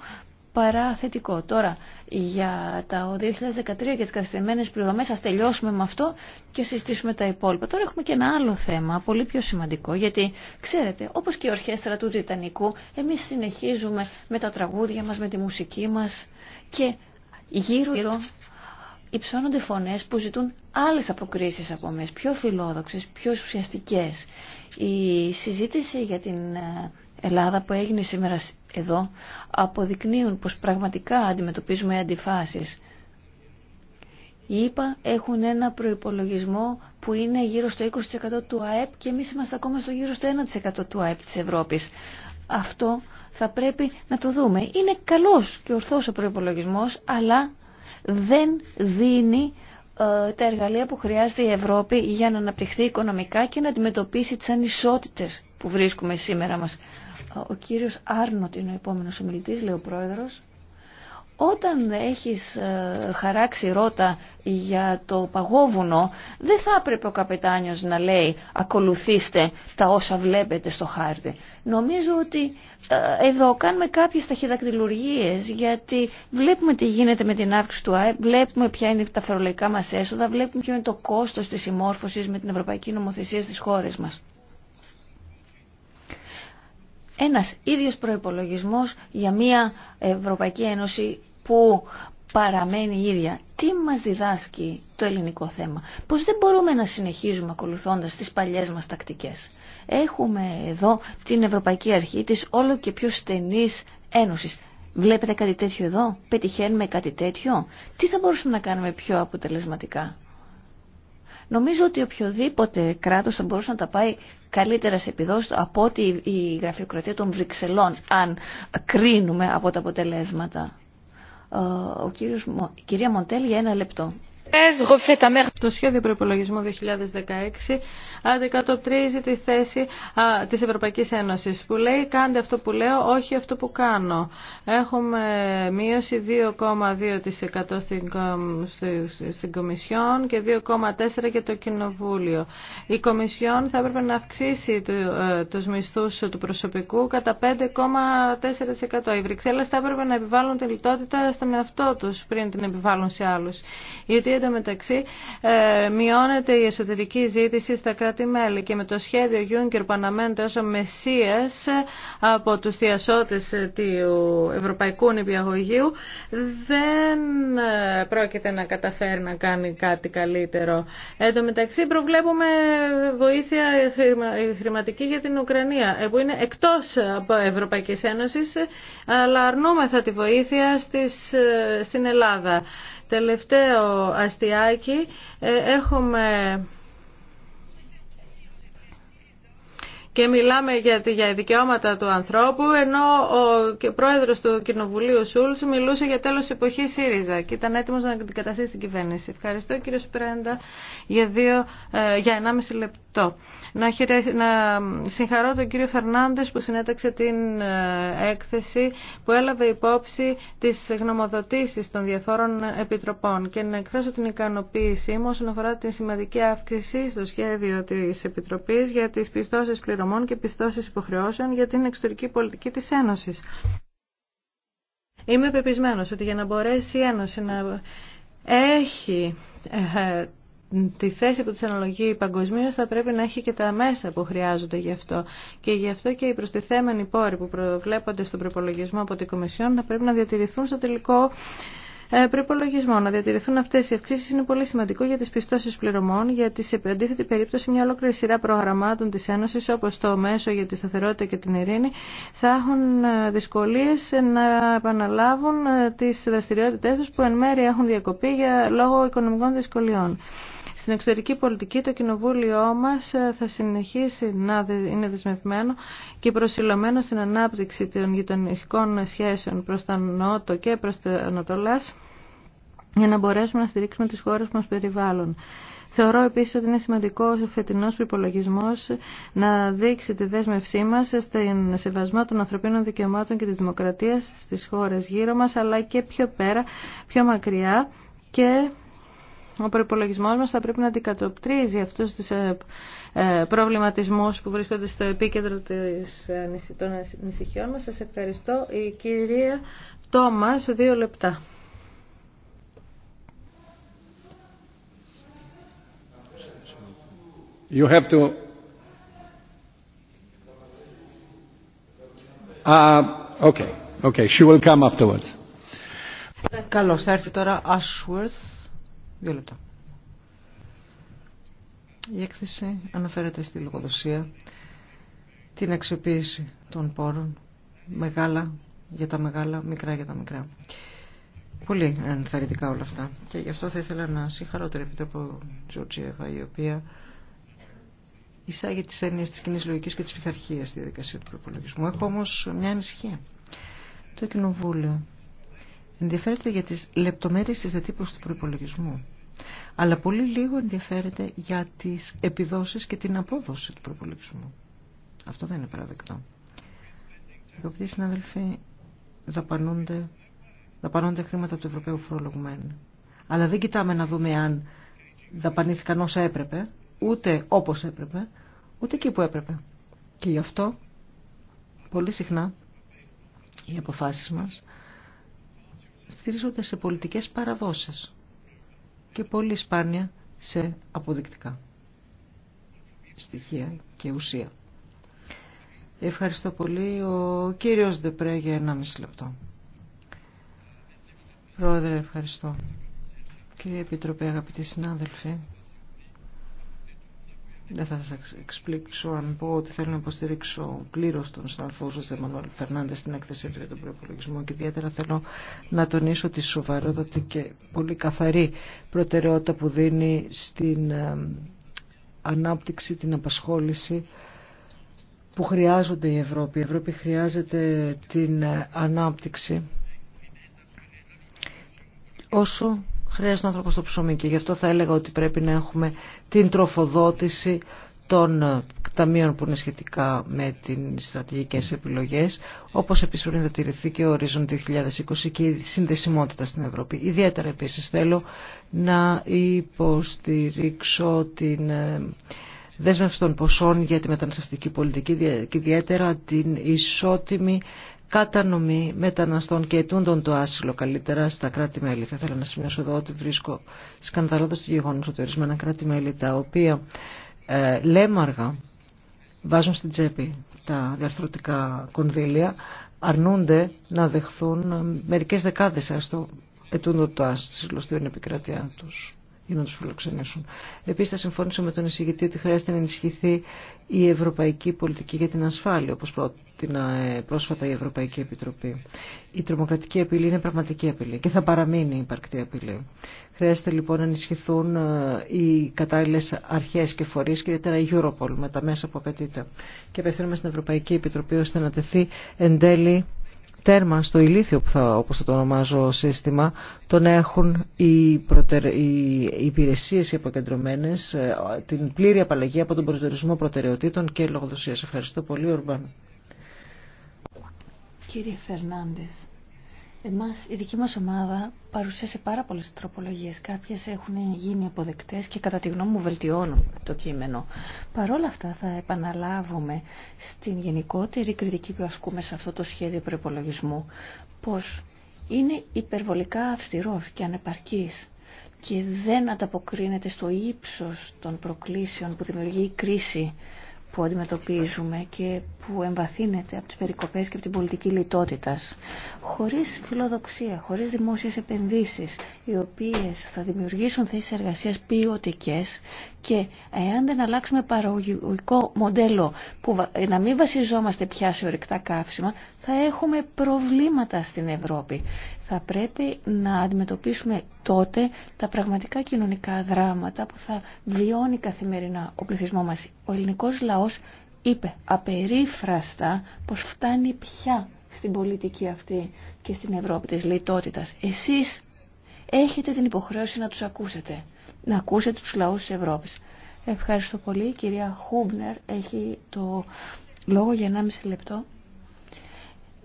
παρά θετικό. Τώρα, για τα 2013 και τις καθυστερημένες πληρωμές, ας τελειώσουμε με αυτό και συζητήσουμε τα υπόλοιπα. Τώρα έχουμε και ένα άλλο θέμα, πολύ πιο σημαντικό, γιατί ξέρετε, όπως και η ορχέστρα του Τιτανικού, εμείς συνεχίζουμε με τα τραγούδια μας, με τη μουσική μας και γύρω-γύρω υψώνονται φωνές που ζητούν άλλες αποκρίσεις από εμείς, πιο φιλόδοξες, πιο ουσιαστικές. Η συζήτηση για την ε, Ελλάδα που έγινε σήμερα εδώ αποδεικνύουν πως πραγματικά αντιμετωπίζουμε αντιφάσεις. Οι ΙΠΑ έχουν ένα προϋπολογισμό που είναι γύρω στο 20% του ΑΕΠ και εμείς είμαστε ακόμα στο γύρω στο 1% του ΑΕΠ της Ευρώπης. Αυτό θα πρέπει να το δούμε. Είναι καλός και ορθός ο προϋπολογισμός, αλλά δεν δίνει ε, τα εργαλεία που χρειάζεται η Ευρώπη για να αναπτυχθεί οικονομικά και να αντιμετωπίσει τις ανισότητες που βρίσκουμε σήμερα μας. Ο κύριος Άρνοτ είναι ο επόμενος ομιλητής, λέει ο πρόεδρος. Όταν έχεις ε, χαράξει ρότα για το παγόβουνο, δεν θα έπρεπε ο καπετάνιος να λέει «ακολουθήστε τα όσα βλέπετε στο χάρτη». Νομίζω ότι ε, εδώ κάνουμε κάποιες ταχυδακτηλουργίες, γιατί βλέπουμε τι γίνεται με την αύξηση του ΑΕΠ, βλέπουμε ποια είναι τα φερολογικά μας έσοδα, βλέπουμε ποιο είναι το κόστος της συμμόρφωσης με την Ευρωπαϊκή Νομοθεσία στις χώρες μας ένας ίδιος προϋπολογισμός για μια Ευρωπαϊκή Ένωση που παραμένει ίδια. Τι μας διδάσκει το ελληνικό θέμα. Πως δεν μπορούμε να συνεχίζουμε ακολουθώντας τις παλιές μας τακτικές. Έχουμε εδώ την Ευρωπαϊκή Αρχή της όλο και πιο στενής ένωσης. Βλέπετε κάτι τέτοιο εδώ, πετυχαίνουμε κάτι τέτοιο. Τι θα μπορούσαμε να κάνουμε πιο αποτελεσματικά. Νομίζω ότι οποιοδήποτε κράτος θα μπορούσε να τα πάει καλύτερα σε επιδόσεις από ότι η γραφειοκρατία των Βρυξελών, αν κρίνουμε από τα αποτελέσματα. Ε, ο κύριος, κυρία Μοντέλ για ένα λεπτό. Το σχέδιο προπολογισμού 2016 αντικατοπτρίζει τη θέση α, της Ευρωπαϊκής Ένωσης που λέει κάντε αυτό που λέω, όχι αυτό που κάνω. Έχουμε μείωση 2,2% στην, στην Κομισιόν και 2,4% για το Κοινοβούλιο. Η Κομισιόν θα έπρεπε να αυξήσει του, ε, τους μισθούς του προσωπικού κατά 5,4%. Οι Βρυξέλλες θα έπρεπε να επιβάλλουν τη λιτότητα στον εαυτό τους πριν την επιβάλλουν σε άλλους. Γιατί μεταξύ, ε, μειώνεται η εσωτερική ζήτηση στα κράτη-μέλη και με το σχέδιο Juncker που αναμένεται ως μεσίας από τους θειασότες του Ευρωπαϊκού Νηπιαγωγείου δεν ε, πρόκειται να καταφέρει να κάνει κάτι καλύτερο. Εν τω μεταξύ προβλέπουμε βοήθεια χρηματική για την Ουκρανία που είναι εκτός από Ευρωπαϊκής Ένωσης αλλά αρνούμεθα τη βοήθεια ε, στην Ελλάδα. Τελευταίο αστιάκι, ε, έχουμε και μιλάμε για, για δικαιώματα του ανθρώπου, ενώ ο πρόεδρος του Κοινοβουλίου Σούλτς μιλούσε για τέλος εποχή ΣΥΡΙΖΑ και ήταν έτοιμος να αντικαταστήσει την κυβέρνηση. Ευχαριστώ κύριο Σπρέντα για, δύο, ε, για 1,5 λεπτό. Να, συγχαρώ τον κύριο Φερνάντες που συνέταξε την ε, έκθεση που έλαβε υπόψη τις γνωμοδοτήσεις των διαφόρων επιτροπών και να εκφράσω την ικανοποίησή μου όσον αφορά την σημαντική αύξηση στο σχέδιο της Επιτροπής για τις πιστώσεις πληρωμών και πιστώσεις υποχρεώσεων για την εξωτερική πολιτική της Ένωσης. Είμαι πεπισμένο ότι για να μπορέσει η Ένωση να έχει ε, τη θέση που τη αναλογεί παγκοσμίω θα πρέπει να έχει και τα μέσα που χρειάζονται γι' αυτό. Και γι' αυτό και οι προστιθέμενοι πόροι που προβλέπονται στον προπολογισμό από την Κομισιόν θα πρέπει να διατηρηθούν στο τελικό ε, προπολογισμό. Να διατηρηθούν αυτέ οι αυξήσει είναι πολύ σημαντικό για τι πιστώσει πληρωμών, γιατί σε αντίθετη περίπτωση μια ολόκληρη σειρά προγραμμάτων τη Ένωση, όπω το Μέσο για τη Σταθερότητα και την Ειρήνη, θα έχουν ε, δυσκολίε να επαναλάβουν ε, τι δραστηριότητέ του που εν μέρει έχουν διακοπεί για λόγω οικονομικών δυσκολιών. Στην εξωτερική πολιτική το κοινοβούλιο μας ε, θα συνεχίσει να είναι δεσμευμένο και προσιλωμένο στην ανάπτυξη των γειτονικών σχέσεων προς τα Νότο και προς τα Ανατολάς για να μπορέσουμε να στηρίξουμε τις χώρες που μας περιβάλλουν. Θεωρώ επίσης ότι είναι σημαντικό ο φετινός προπολογισμό να δείξει τη δέσμευσή μας στην σεβασμό των ανθρωπίνων δικαιωμάτων και της δημοκρατίας στις χώρες γύρω μας, αλλά και πιο πέρα, πιο μακριά και ο προπολογισμό μας θα πρέπει να αντικατοπτρίζει αυτούς τους ε, ε, προβληματισμού που βρίσκονται στο επίκεντρο ε, των ανησυχιών μας. Σα ευχαριστώ. Η κυρία Τόμας, δύο λεπτά. You have to... Uh, okay. Okay. She will come afterwards. Καλώς, θα έρθει τώρα Ashworth. Δύο Η έκθεση αναφέρεται στη λογοδοσία, την αξιοποίηση των πόρων, μεγάλα για τα μεγάλα, μικρά για τα μικρά. Πολύ ενθαρρυντικά όλα αυτά. Και γι' αυτό θα ήθελα να συγχαρώ την Επιτρόπο Τζορτζίεβα, η οποία εισάγει τι έννοιε τη κοινή λογική και τη πειθαρχία στη διαδικασία του προπολογισμού. Έχω όμω μια ανησυχία. Το Κοινοβούλιο ενδιαφέρεται για τις λεπτομέρειες της διατύπωσης του προϋπολογισμού. Αλλά πολύ λίγο ενδιαφέρεται για τις επιδόσεις και την απόδοση του προϋπολογισμού. Αυτό δεν είναι παραδεκτό. Οι οποίοι συνάδελφοι δαπανούνται, δαπανούνται χρήματα του Ευρωπαίου φορολογουμένου. Αλλά δεν κοιτάμε να δούμε αν δαπανήθηκαν όσα έπρεπε, ούτε όπως έπρεπε, ούτε εκεί που έπρεπε. Και γι' αυτό πολύ συχνά οι αποφάσεις μας στηρίζονται σε πολιτικές παραδόσεις και πολύ σπάνια σε αποδεικτικά στοιχεία και ουσία. Ευχαριστώ πολύ. Ο κύριος Δεπρέ για 1,5 λεπτό. Πρόεδρε, ευχαριστώ. Κύριε Επιτροπέ, αγαπητοί συνάδελφοι, δεν θα σας εξπλήξω αν πω ότι θέλω να υποστηρίξω πλήρω τον συναδελφό Ζωζέ Φερνάντε στην έκθεση του για τον προπολογισμό και ιδιαίτερα θέλω να τονίσω τη σοβαρότατη και πολύ καθαρή προτεραιότητα που δίνει στην ανάπτυξη, την απασχόληση που χρειάζονται η Ευρώπη. Η Ευρώπη χρειάζεται την ε, ανάπτυξη όσο χρειάζεται άνθρωπο στο ψωμί και γι' αυτό θα έλεγα ότι πρέπει να έχουμε την τροφοδότηση των ε, ταμείων που είναι σχετικά με τις στρατηγικές επιλογές, όπως επίσης πρέπει να διατηρηθεί και ο ορίζον 2020 και η συνδεσιμότητα στην Ευρώπη. Ιδιαίτερα επίσης θέλω να υποστηρίξω την ε, δέσμευση των ποσών για τη μεταναστευτική πολιτική και ιδιαίτερα την ισότιμη κατανομή μεταναστών και ετούντων το άσυλο καλύτερα στα κράτη-μέλη. Θα ήθελα να σημειώσω εδώ ότι βρίσκω σκανδαλώδο το γεγονό ότι ορισμένα κράτη-μέλη τα οποία ε, λέμαργα βάζουν στην τσέπη τα διαρθρωτικά κονδύλια αρνούνται να δεχθούν μερικές δεκάδες έστω ετούντων το άσυλο στην επικρατεία τους για να του φιλοξενήσουν. Επίσης θα συμφώνησα με τον εισηγητή ότι χρειάζεται να ενισχυθεί η ευρωπαϊκή πολιτική για την ασφάλεια, όπω πρότεινα ε, πρόσφατα η Ευρωπαϊκή Επιτροπή. Η τρομοκρατική απειλή είναι πραγματική απειλή και θα παραμείνει η υπαρκτή απειλή. Χρειάζεται λοιπόν να ενισχυθούν ε, οι κατάλληλε αρχέ και φορεί και ιδιαίτερα η Europol με τα μέσα που απαιτείται. Και απευθύνομαι στην Ευρωπαϊκή Επιτροπή ώστε να τεθεί εν τέλει τέρμα στο ηλίθιο που θα, όπως θα το ονομάζω σύστημα τον έχουν οι, προτερ... οι υπηρεσίες οι αποκεντρωμένες ε, την πλήρη απαλλαγή από τον προτερισμό προτεραιοτήτων και λογοδοσίας. Ευχαριστώ πολύ Ορμπάν. Κύριε Φερνάντες. Εμάς, η δική μας ομάδα παρουσίασε πάρα πολλές τροπολογίες. Κάποιες έχουν γίνει αποδεκτές και κατά τη γνώμη μου βελτιώνουν το κείμενο. Παρ' αυτά θα επαναλάβουμε στην γενικότερη κριτική που ασκούμε σε αυτό το σχέδιο προπολογισμού πως είναι υπερβολικά αυστηρός και ανεπαρκής και δεν ανταποκρίνεται στο ύψος των προκλήσεων που δημιουργεί η κρίση που αντιμετωπίζουμε και που εμβαθύνεται από τις περικοπές και από την πολιτική λιτότητα Χωρίς φιλοδοξία, χωρίς δημόσιες επενδύσεις, οι οποίες θα δημιουργήσουν θέσεις εργασίας ποιοτικέ και εάν δεν αλλάξουμε παραγωγικό μοντέλο που να μην βασιζόμαστε πια σε ορεικτά καύσιμα, θα έχουμε προβλήματα στην Ευρώπη θα πρέπει να αντιμετωπίσουμε τότε τα πραγματικά κοινωνικά δράματα που θα βιώνει καθημερινά ο πληθυσμό μας. Ο ελληνικός λαός είπε απερίφραστα πως φτάνει πια στην πολιτική αυτή και στην Ευρώπη της λιτότητας. Εσείς έχετε την υποχρέωση να τους ακούσετε, να ακούσετε τους λαούς της Ευρώπης. Ευχαριστώ πολύ. Η κυρία Χούμπνερ έχει το λόγο για 1,5 λεπτό.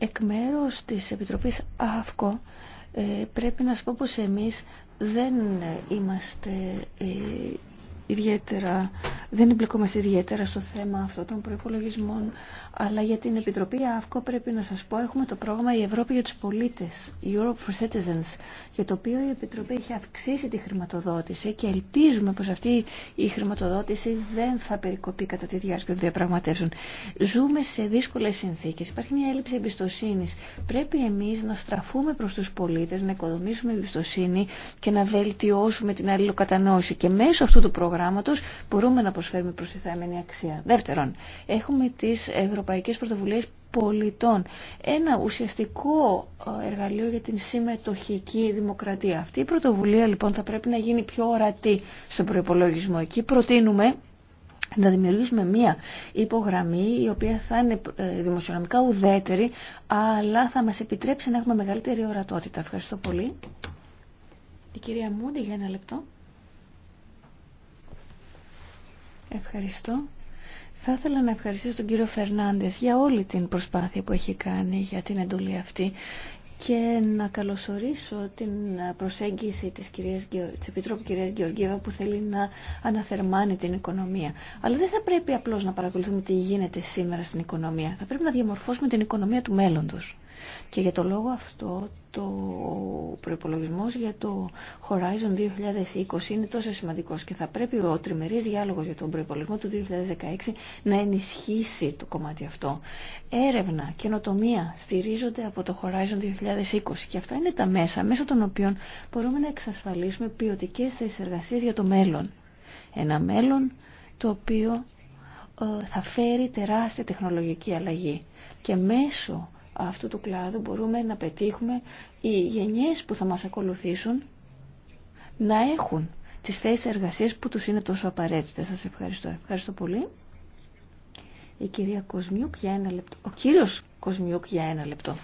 Εκ μέρους της Επιτροπής ΑΦΚΟ ε, πρέπει να σας πω πως εμείς δεν είμαστε ε, ιδιαίτερα, δεν εμπλεκόμαστε ιδιαίτερα στο θέμα αυτών των προϋπολογισμών, αλλά για την Επιτροπή ΑΦΚΟ πρέπει να σας πω έχουμε το πρόγραμμα «Η Ευρώπη για τους πολίτες», «Europe for Citizens», για το οποίο η Επιτροπή έχει αυξήσει τη χρηματοδότηση και ελπίζουμε πως αυτή η χρηματοδότηση δεν θα περικοπεί κατά τη διάρκεια των διαπραγματεύσεων. Ζούμε σε δύσκολες συνθήκες, υπάρχει μια έλλειψη εμπιστοσύνης. Πρέπει εμείς να στραφούμε προς τους πολίτες, να οικοδομήσουμε εμπιστοσύνη και να βελτιώσουμε την αλληλοκατανόηση. Και μέσω αυτού του πρόγραμμα μπορούμε να προσφέρουμε προστιθέμενη αξία. Δεύτερον, έχουμε τις Ευρωπαϊκές Πρωτοβουλίες Πολιτών. Ένα ουσιαστικό ε, εργαλείο για την συμμετοχική δημοκρατία. Αυτή η πρωτοβουλία λοιπόν θα πρέπει να γίνει πιο ορατή στον προπολογισμό. Εκεί προτείνουμε να δημιουργήσουμε μία υπογραμμή η οποία θα είναι ε, δημοσιονομικά ουδέτερη αλλά θα μας επιτρέψει να έχουμε μεγαλύτερη ορατότητα. Ευχαριστώ πολύ. Η κυρία Μούντι για ένα λεπτό. Ευχαριστώ. Θα ήθελα να ευχαριστήσω τον κύριο Φερνάντες για όλη την προσπάθεια που έχει κάνει για την εντολή αυτή και να καλωσορίσω την προσέγγιση της, κυρίας, της Επιτρόπου κυρίας Γεωργίευα που θέλει να αναθερμάνει την οικονομία. Αλλά δεν θα πρέπει απλώς να παρακολουθούμε τι γίνεται σήμερα στην οικονομία. Θα πρέπει να διαμορφώσουμε την οικονομία του μέλλοντος. Και για το λόγο αυτό το προπολογισμό για το Horizon 2020 είναι τόσο σημαντικός και θα πρέπει ο τριμερής διάλογος για τον προπολογισμό του 2016 να ενισχύσει το κομμάτι αυτό. Έρευνα, και καινοτομία στηρίζονται από το Horizon 2020 και αυτά είναι τα μέσα μέσω των οποίων μπορούμε να εξασφαλίσουμε ποιοτικέ θέσει εργασία για το μέλλον. Ένα μέλλον το οποίο ε, θα φέρει τεράστια τεχνολογική αλλαγή και μέσω αυτού του κλάδου μπορούμε να πετύχουμε οι γενιές που θα μας ακολουθήσουν να έχουν τις θέσεις εργασίας που τους είναι τόσο απαραίτητες. Σας ευχαριστώ. Ευχαριστώ πολύ. Η κυρία Κοσμιούκ για ένα λεπτό. Ο κύριος Κοσμιούκ για ένα λεπτό.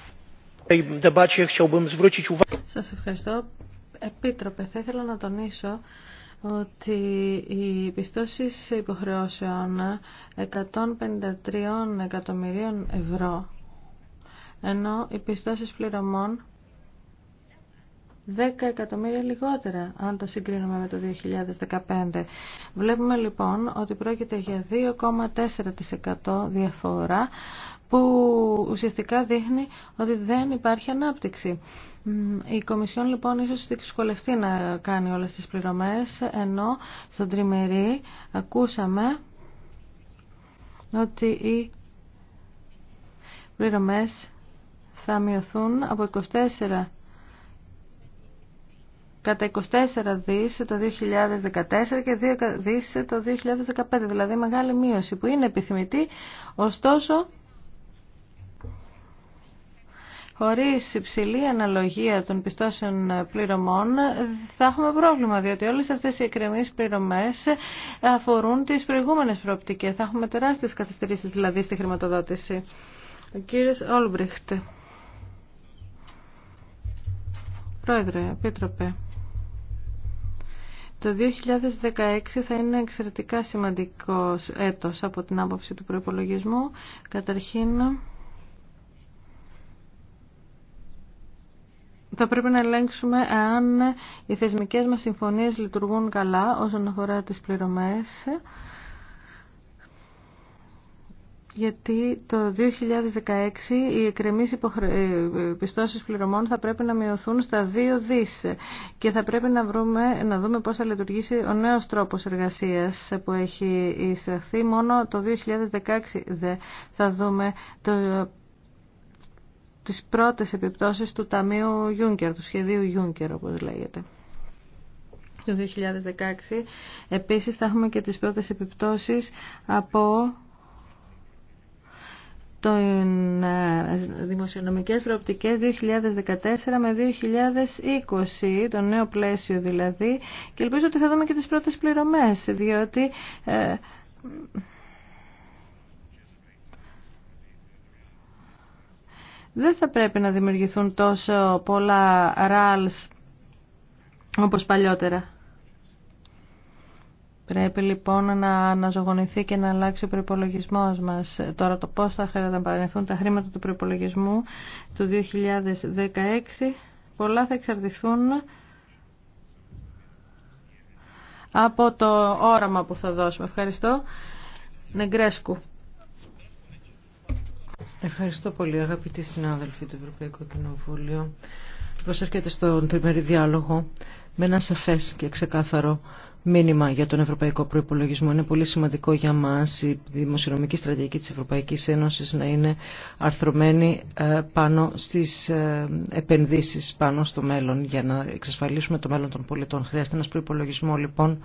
Σας ευχαριστώ. Επίτροπε, θα ήθελα να τονίσω ότι οι πιστώσεις υποχρεώσεων 153 εκατομμυρίων ευρώ ενώ οι πιστώσεις πληρωμών 10 εκατομμύρια λιγότερα αν το συγκρίνουμε με το 2015. Βλέπουμε λοιπόν ότι πρόκειται για 2,4% διαφορά που ουσιαστικά δείχνει ότι δεν υπάρχει ανάπτυξη. Η Κομισιόν λοιπόν ίσως δυσκολευτεί να κάνει όλες τις πληρωμές ενώ στον τριμερή ακούσαμε ότι οι πληρωμές θα μειωθούν από 24 κατά 24 δις το 2014 και 2 δις το 2015, δηλαδή μεγάλη μείωση που είναι επιθυμητή, ωστόσο χωρίς υψηλή αναλογία των πιστώσεων πληρωμών θα έχουμε πρόβλημα, διότι όλες αυτές οι εκκρεμείς πληρωμές αφορούν τις προηγούμενες προοπτικές. Θα έχουμε τεράστιες καθυστερήσεις δηλαδή στη χρηματοδότηση. Ο κύριος Όλμπριχτ. Πρόεδρε, Επίτροπε. Το 2016 θα είναι εξαιρετικά σημαντικό έτος από την άποψη του προϋπολογισμού. Καταρχήν, θα πρέπει να ελέγξουμε αν οι θεσμικές μας συμφωνίες λειτουργούν καλά όσον αφορά τις πληρωμές γιατί το 2016 οι εκκρεμείς ε, ε, πιστώσεις πληρωμών θα πρέπει να μειωθούν στα 2 δις και θα πρέπει να, βρούμε, να δούμε πώς θα λειτουργήσει ο νέος τρόπος εργασίας που έχει εισαχθεί. Μόνο το 2016 δε θα δούμε το, τις πρώτες επιπτώσεις του Ταμείου Γιούνκερ, του σχεδίου Γιούνκερ όπως λέγεται το 2016. Επίσης θα έχουμε και τις πρώτες επιπτώσεις από των ε, δημοσιονομικές προοπτικές 2014 με 2020, το νέο πλαίσιο δηλαδή, και ελπίζω ότι θα δούμε και τις πρώτες πληρωμές, διότι... Ε, δεν θα πρέπει να δημιουργηθούν τόσο πολλά ράλς όπως παλιότερα. Πρέπει λοιπόν να αναζωογονηθεί και να αλλάξει ο προπολογισμό μα. Τώρα το πώ θα χαρακτηριστούν τα χρήματα του προπολογισμού του 2016, πολλά θα εξαρτηθούν από το όραμα που θα δώσουμε. Ευχαριστώ. Νεγκρέσκου. Ευχαριστώ πολύ αγαπητοί συνάδελφοι του Ευρωπαϊκού Κοινοβούλιο. Προσέρχεται στον τριμερή διάλογο με ένα σαφές και ξεκάθαρο μήνυμα για τον ευρωπαϊκό προϋπολογισμό. Είναι πολύ σημαντικό για μας η δημοσιονομική στρατηγική της Ευρωπαϊκής Ένωσης να είναι αρθρωμένη ε, πάνω στις ε, επενδύσεις, πάνω στο μέλλον για να εξασφαλίσουμε το μέλλον των πολιτών. Χρειάζεται ένας προϋπολογισμό λοιπόν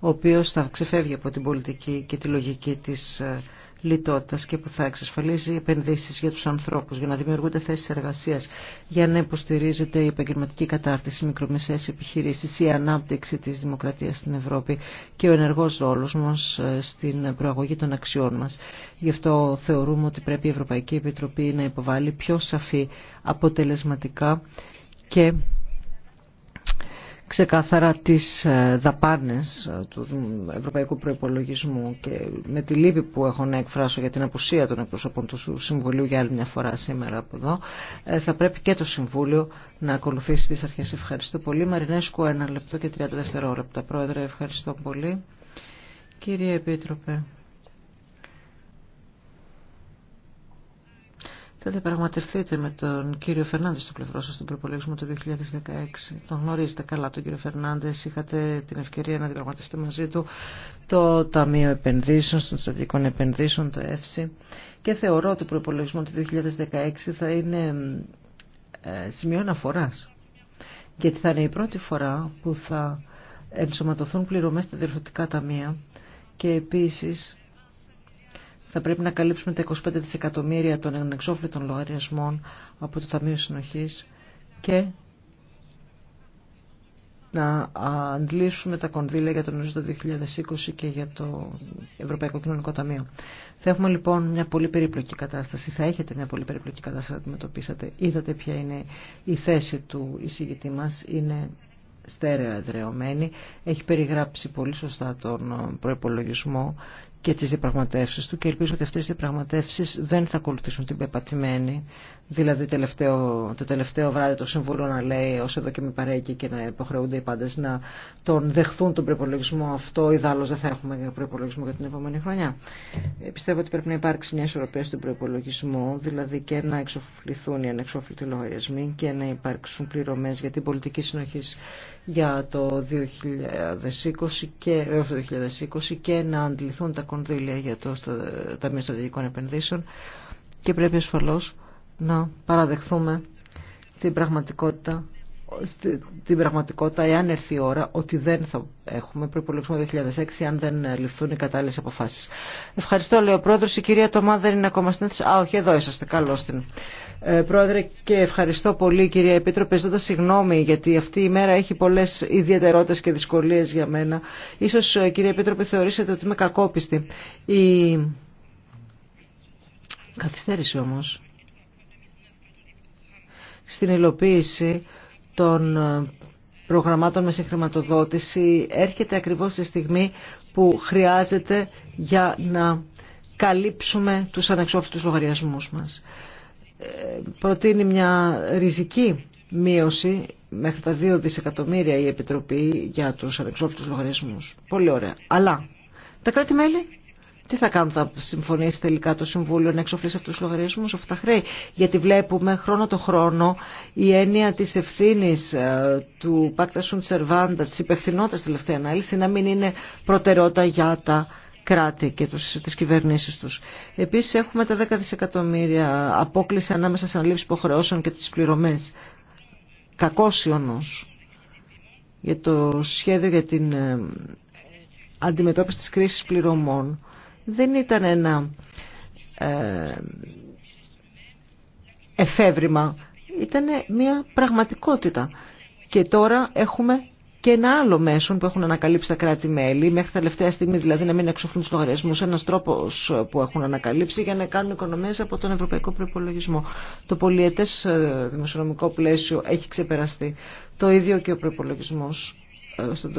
ο οποίος θα ξεφεύγει από την πολιτική και τη λογική της ε, λιτότητας και που θα εξασφαλίζει επενδύσεις για τους ανθρώπους, για να δημιουργούνται θέσεις εργασίας, για να υποστηρίζεται η επαγγελματική κατάρτιση, μικρομεσαίες επιχειρήσεις, η ανάπτυξη της δημοκρατίας στην Ευρώπη και ο ενεργός ρόλος μας ε, στην προαγωγή των αξιών μας. Γι' αυτό θεωρούμε ότι πρέπει η Ευρωπαϊκή Επιτροπή να υποβάλει πιο σαφή αποτελεσματικά και ξεκάθαρα τις ε, δαπάνες ε, του Ευρωπαϊκού Προϋπολογισμού και με τη λύπη που έχω να εκφράσω για την απουσία των εκπροσωπών του Συμβουλίου για άλλη μια φορά σήμερα από εδώ ε, θα πρέπει και το Συμβούλιο να ακολουθήσει τις αρχές. Ευχαριστώ πολύ. Μαρινέσκου, ένα λεπτό και 30 δευτερόλεπτα. Πρόεδρε, ευχαριστώ πολύ. Κύριε Επίτροπε. θα διαπραγματευτείτε με τον κύριο Φερνάντε στο πλευρό σας στον προπολογισμό του 2016. Τον γνωρίζετε καλά τον κύριο Φερνάνδε. Είχατε την ευκαιρία να διαπραγματευτείτε μαζί του το Ταμείο Επενδύσεων, των Στρατηγικών Επενδύσεων, το ΕΦΣΥ. Και θεωρώ ότι ο προπολογισμό του 2016 θα είναι ε, σημείο αναφορά. Γιατί θα είναι η πρώτη φορά που θα ενσωματωθούν πληρωμές στα διευθυντικά ταμεία και επίσης θα πρέπει να καλύψουμε τα 25 δισεκατομμύρια των ενεξόφλητων λογαριασμών από το Ταμείο Συνοχής και να αντλήσουμε τα κονδύλια για τον ορίζοντα 2020 και για το Ευρωπαϊκό Κοινωνικό Ταμείο. Θα έχουμε λοιπόν μια πολύ περίπλοκη κατάσταση. Θα έχετε μια πολύ περίπλοκη κατάσταση να αντιμετωπίσετε. Είδατε ποια είναι η θέση του εισηγητή μας. Είναι στέρεα εδρεωμένη. Έχει περιγράψει πολύ σωστά τον προπολογισμό και τις διαπραγματεύσεις του και ελπίζω ότι αυτές οι διαπραγματεύσεις δεν θα ακολουθήσουν την πεπατημένη. Δηλαδή τελευταίο, το τελευταίο βράδυ το Συμβούλιο να λέει όσο εδώ και με παρέκει και να υποχρεούνται οι πάντες να τον δεχθούν τον προπολογισμό αυτό ή δάλλως δεν θα έχουμε προπολογισμό για την επόμενη χρονιά. Ε, πιστεύω ότι πρέπει να υπάρξει μια ισορροπία στον προπολογισμό, δηλαδή και να εξοφληθούν οι ανεξόφλητοι λογαριασμοί και να υπάρξουν πληρωμές για την πολιτική συνοχή για το 2020 και, το 2020 και να αντιληθούν τα κονδύλια για το Ταμείο Στρατηγικών Επενδύσεων και πρέπει ασφαλώς να παραδεχθούμε την πραγματικότητα στην πραγματικότητα, εάν έρθει η ώρα, ότι δεν θα έχουμε προπολογισμό 2006 αν δεν ληφθούν οι κατάλληλε αποφάσει. Ευχαριστώ, λέει ο πρόεδρο. Η κυρία Τωμά δεν είναι ακόμα στην Α, όχι, εδώ είσαστε. Καλώ την. Ε, πρόεδρε, και ευχαριστώ πολύ, κυρία Επίτροπε. Ζητώντα συγγνώμη, γιατί αυτή η μέρα έχει πολλέ ιδιαιτερότητε και δυσκολίε για μένα. σω, ε, κυρία Επίτροπε, θεωρήσετε ότι είμαι κακόπιστη. Η... Καθυστέρηση όμω. Στην υλοποίηση των ε, προγραμμάτων με συγχρηματοδότηση έρχεται ακριβώς στη στιγμή που χρειάζεται για να καλύψουμε τους ανεξόφλητους λογαριασμούς μας. Ε, προτείνει μια ριζική μείωση μέχρι τα 2 δισεκατομμύρια η Επιτροπή για τους ανεξόφλητους λογαριασμούς. Πολύ ωραία. Αλλά τα κράτη-μέλη τι θα κάνουν, θα συμφωνήσει τελικά το Συμβούλιο να εξοφλήσει αυτού του λογαριασμού, αυτά τα χρέη. Γιατί βλέπουμε χρόνο το χρόνο η έννοια τη ευθύνη ε, του Πάκτα Sunt Servanda, τη υπευθυνότητα τελευταία ανάλυση, να μην είναι προτεραιότητα για τα κράτη και τι κυβερνήσει του. Επίση έχουμε τα 10 δισεκατομμύρια απόκληση ανάμεσα σε αναλήψει υποχρεώσεων και τι πληρωμές. Κακό ιονός για το σχέδιο για την ε, αντιμετώπιση της κρίσης πληρωμών δεν ήταν ένα ε, εφεύρημα, ήταν μια πραγματικότητα. Και τώρα έχουμε και ένα άλλο μέσο που έχουν ανακαλύψει τα κράτη-μέλη, μέχρι τα τελευταία στιγμή δηλαδή να μην εξοφλούν του λογαριασμού, ένα τρόπο ε, που έχουν ανακαλύψει για να κάνουν οικονομίε από τον ευρωπαϊκό προπολογισμό. Το πολιετέ ε, δημοσιονομικό πλαίσιο έχει ξεπεραστεί. Το ίδιο και ο προπολογισμό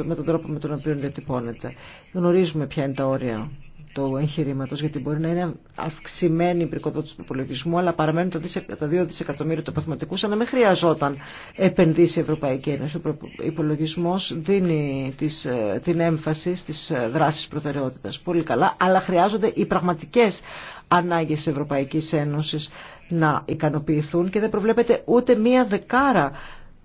με τον τρόπο με τον οποίο διατυπώνεται. Γνωρίζουμε ποια είναι τα όρια το εγχειρήματο, γιατί μπορεί να είναι αυξημένη η πρικοδότηση του υπολογισμού αλλά παραμένουν τα 2 δισεκατομμύρια του παθηματικού, σαν να μην χρειαζόταν επενδύσει η Ευρωπαϊκή Ένωση. Ο υπολογισμό δίνει τις, ε, την έμφαση στι ε, δράσει προτεραιότητα. Πολύ καλά, αλλά χρειάζονται οι πραγματικέ ανάγκε τη Ευρωπαϊκή Ένωση να ικανοποιηθούν και δεν προβλέπεται ούτε μία δεκάρα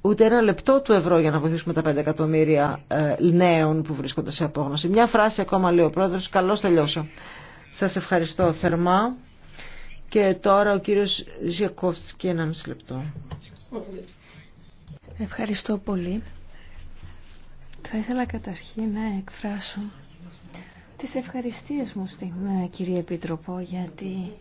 ούτε ένα λεπτό του ευρώ για να βοηθήσουμε τα 5 εκατομμύρια ε, νέων που βρίσκονται σε απόγνωση. Μια φράση ακόμα λέει ο πρόεδρος, καλώς τελειώσω. Σας ευχαριστώ θερμά. Και τώρα ο κύριος και ένα μισή λεπτό. Ευχαριστώ πολύ. Θα ήθελα καταρχήν να εκφράσω τις ευχαριστίες μου στην ε, κυρία Επίτροπο γιατί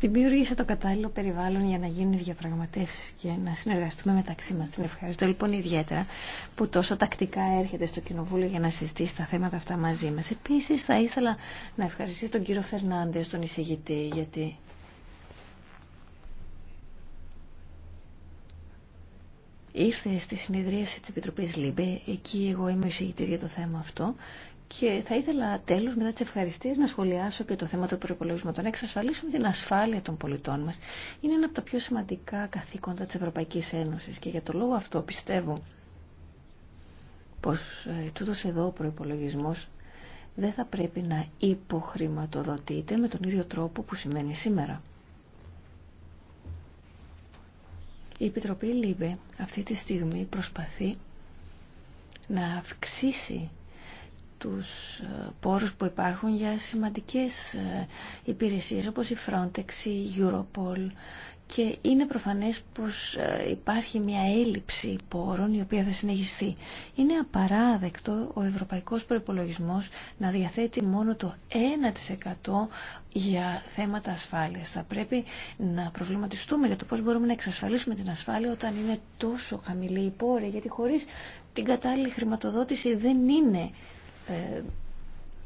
Δημιούργησε το κατάλληλο περιβάλλον για να γίνουν διαπραγματεύσει και να συνεργαστούμε μεταξύ μα. Την ευχαριστώ λοιπόν ιδιαίτερα που τόσο τακτικά έρχεται στο Κοινοβούλιο για να συζητήσει τα θέματα αυτά μαζί μα. Επίση θα ήθελα να ευχαριστήσω τον κύριο Φερνάντε, τον εισηγητή, γιατί ήρθε στη συνεδρίαση της Επιτροπής ΛΥΜΠΕ, εκεί εγώ είμαι εισηγητή για το θέμα αυτό και θα ήθελα τέλος μετά τις ευχαριστίες να σχολιάσω και το θέμα του προπολογισμού. Το να εξασφαλίσουμε την ασφάλεια των πολιτών μας είναι ένα από τα πιο σημαντικά καθήκοντα της Ευρωπαϊκής Ένωσης και για το λόγο αυτό πιστεύω πως ε, τούτος εδώ ο προϋπολογισμός δεν θα πρέπει να υποχρηματοδοτείται με τον ίδιο τρόπο που σημαίνει σήμερα. Η Επιτροπή ΛΥΜΠΕ αυτή τη στιγμή προσπαθεί να αυξήσει τους ε, πόρους που υπάρχουν για σημαντικές ε, υπηρεσίες όπως η Frontex, η Europol και είναι προφανές πως ε, υπάρχει μια έλλειψη πόρων η οποία θα συνεχιστεί. Είναι απαράδεκτο ο ευρωπαϊκός προϋπολογισμός να διαθέτει μόνο το 1% για θέματα ασφάλειας. Θα πρέπει να προβληματιστούμε για το πώς μπορούμε να εξασφαλίσουμε την ασφάλεια όταν είναι τόσο χαμηλή η πόρη, γιατί χωρίς την κατάλληλη χρηματοδότηση δεν είναι ε,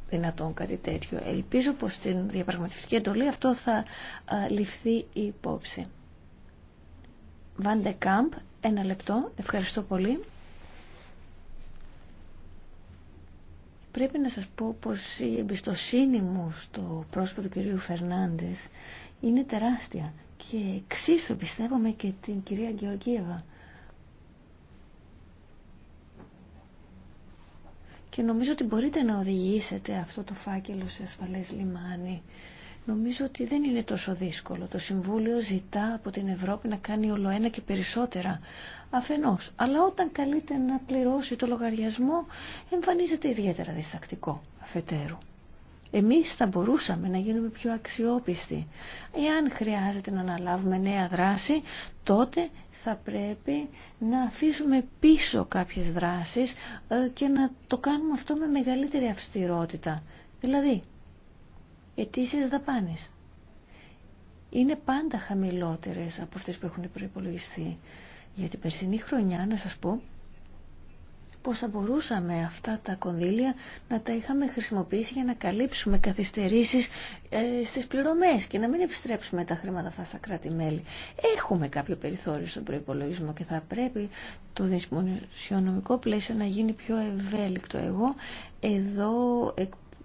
δυνατόν κάτι τέτοιο. Ελπίζω πως στην διαπραγματευτική εντολή αυτό θα ε, ληφθεί υπόψη. Βάντε Κάμπ, ένα λεπτό. Ευχαριστώ πολύ. Πρέπει να σας πω πως η εμπιστοσύνη μου στο πρόσωπο του κυρίου Φερνάντες είναι τεράστια και εξίσου πιστεύομαι και την κυρία Γεωργίευα. και νομίζω ότι μπορείτε να οδηγήσετε αυτό το φάκελο σε ασφαλές λιμάνι. Νομίζω ότι δεν είναι τόσο δύσκολο. Το Συμβούλιο ζητά από την Ευρώπη να κάνει όλο ένα και περισσότερα αφενός. Αλλά όταν καλείται να πληρώσει το λογαριασμό εμφανίζεται ιδιαίτερα διστακτικό αφετέρου. Εμείς θα μπορούσαμε να γίνουμε πιο αξιόπιστοι. Εάν χρειάζεται να αναλάβουμε νέα δράση, τότε θα πρέπει να αφήσουμε πίσω κάποιες δράσεις ε, και να το κάνουμε αυτό με μεγαλύτερη αυστηρότητα. Δηλαδή, αιτήσεις δαπάνης είναι πάντα χαμηλότερες από αυτές που έχουν προϋπολογιστεί. Για την περσινή χρονιά, να σας πω, πως θα μπορούσαμε αυτά τα κονδύλια να τα είχαμε χρησιμοποιήσει για να καλύψουμε καθυστερήσεις ε, στις πληρωμές και να μην επιστρέψουμε τα χρήματα αυτά στα κράτη-μέλη. Έχουμε κάποιο περιθώριο στον προϋπολογισμό και θα πρέπει το δημοσιονομικό πλαίσιο να γίνει πιο ευέλικτο. Εγώ εδώ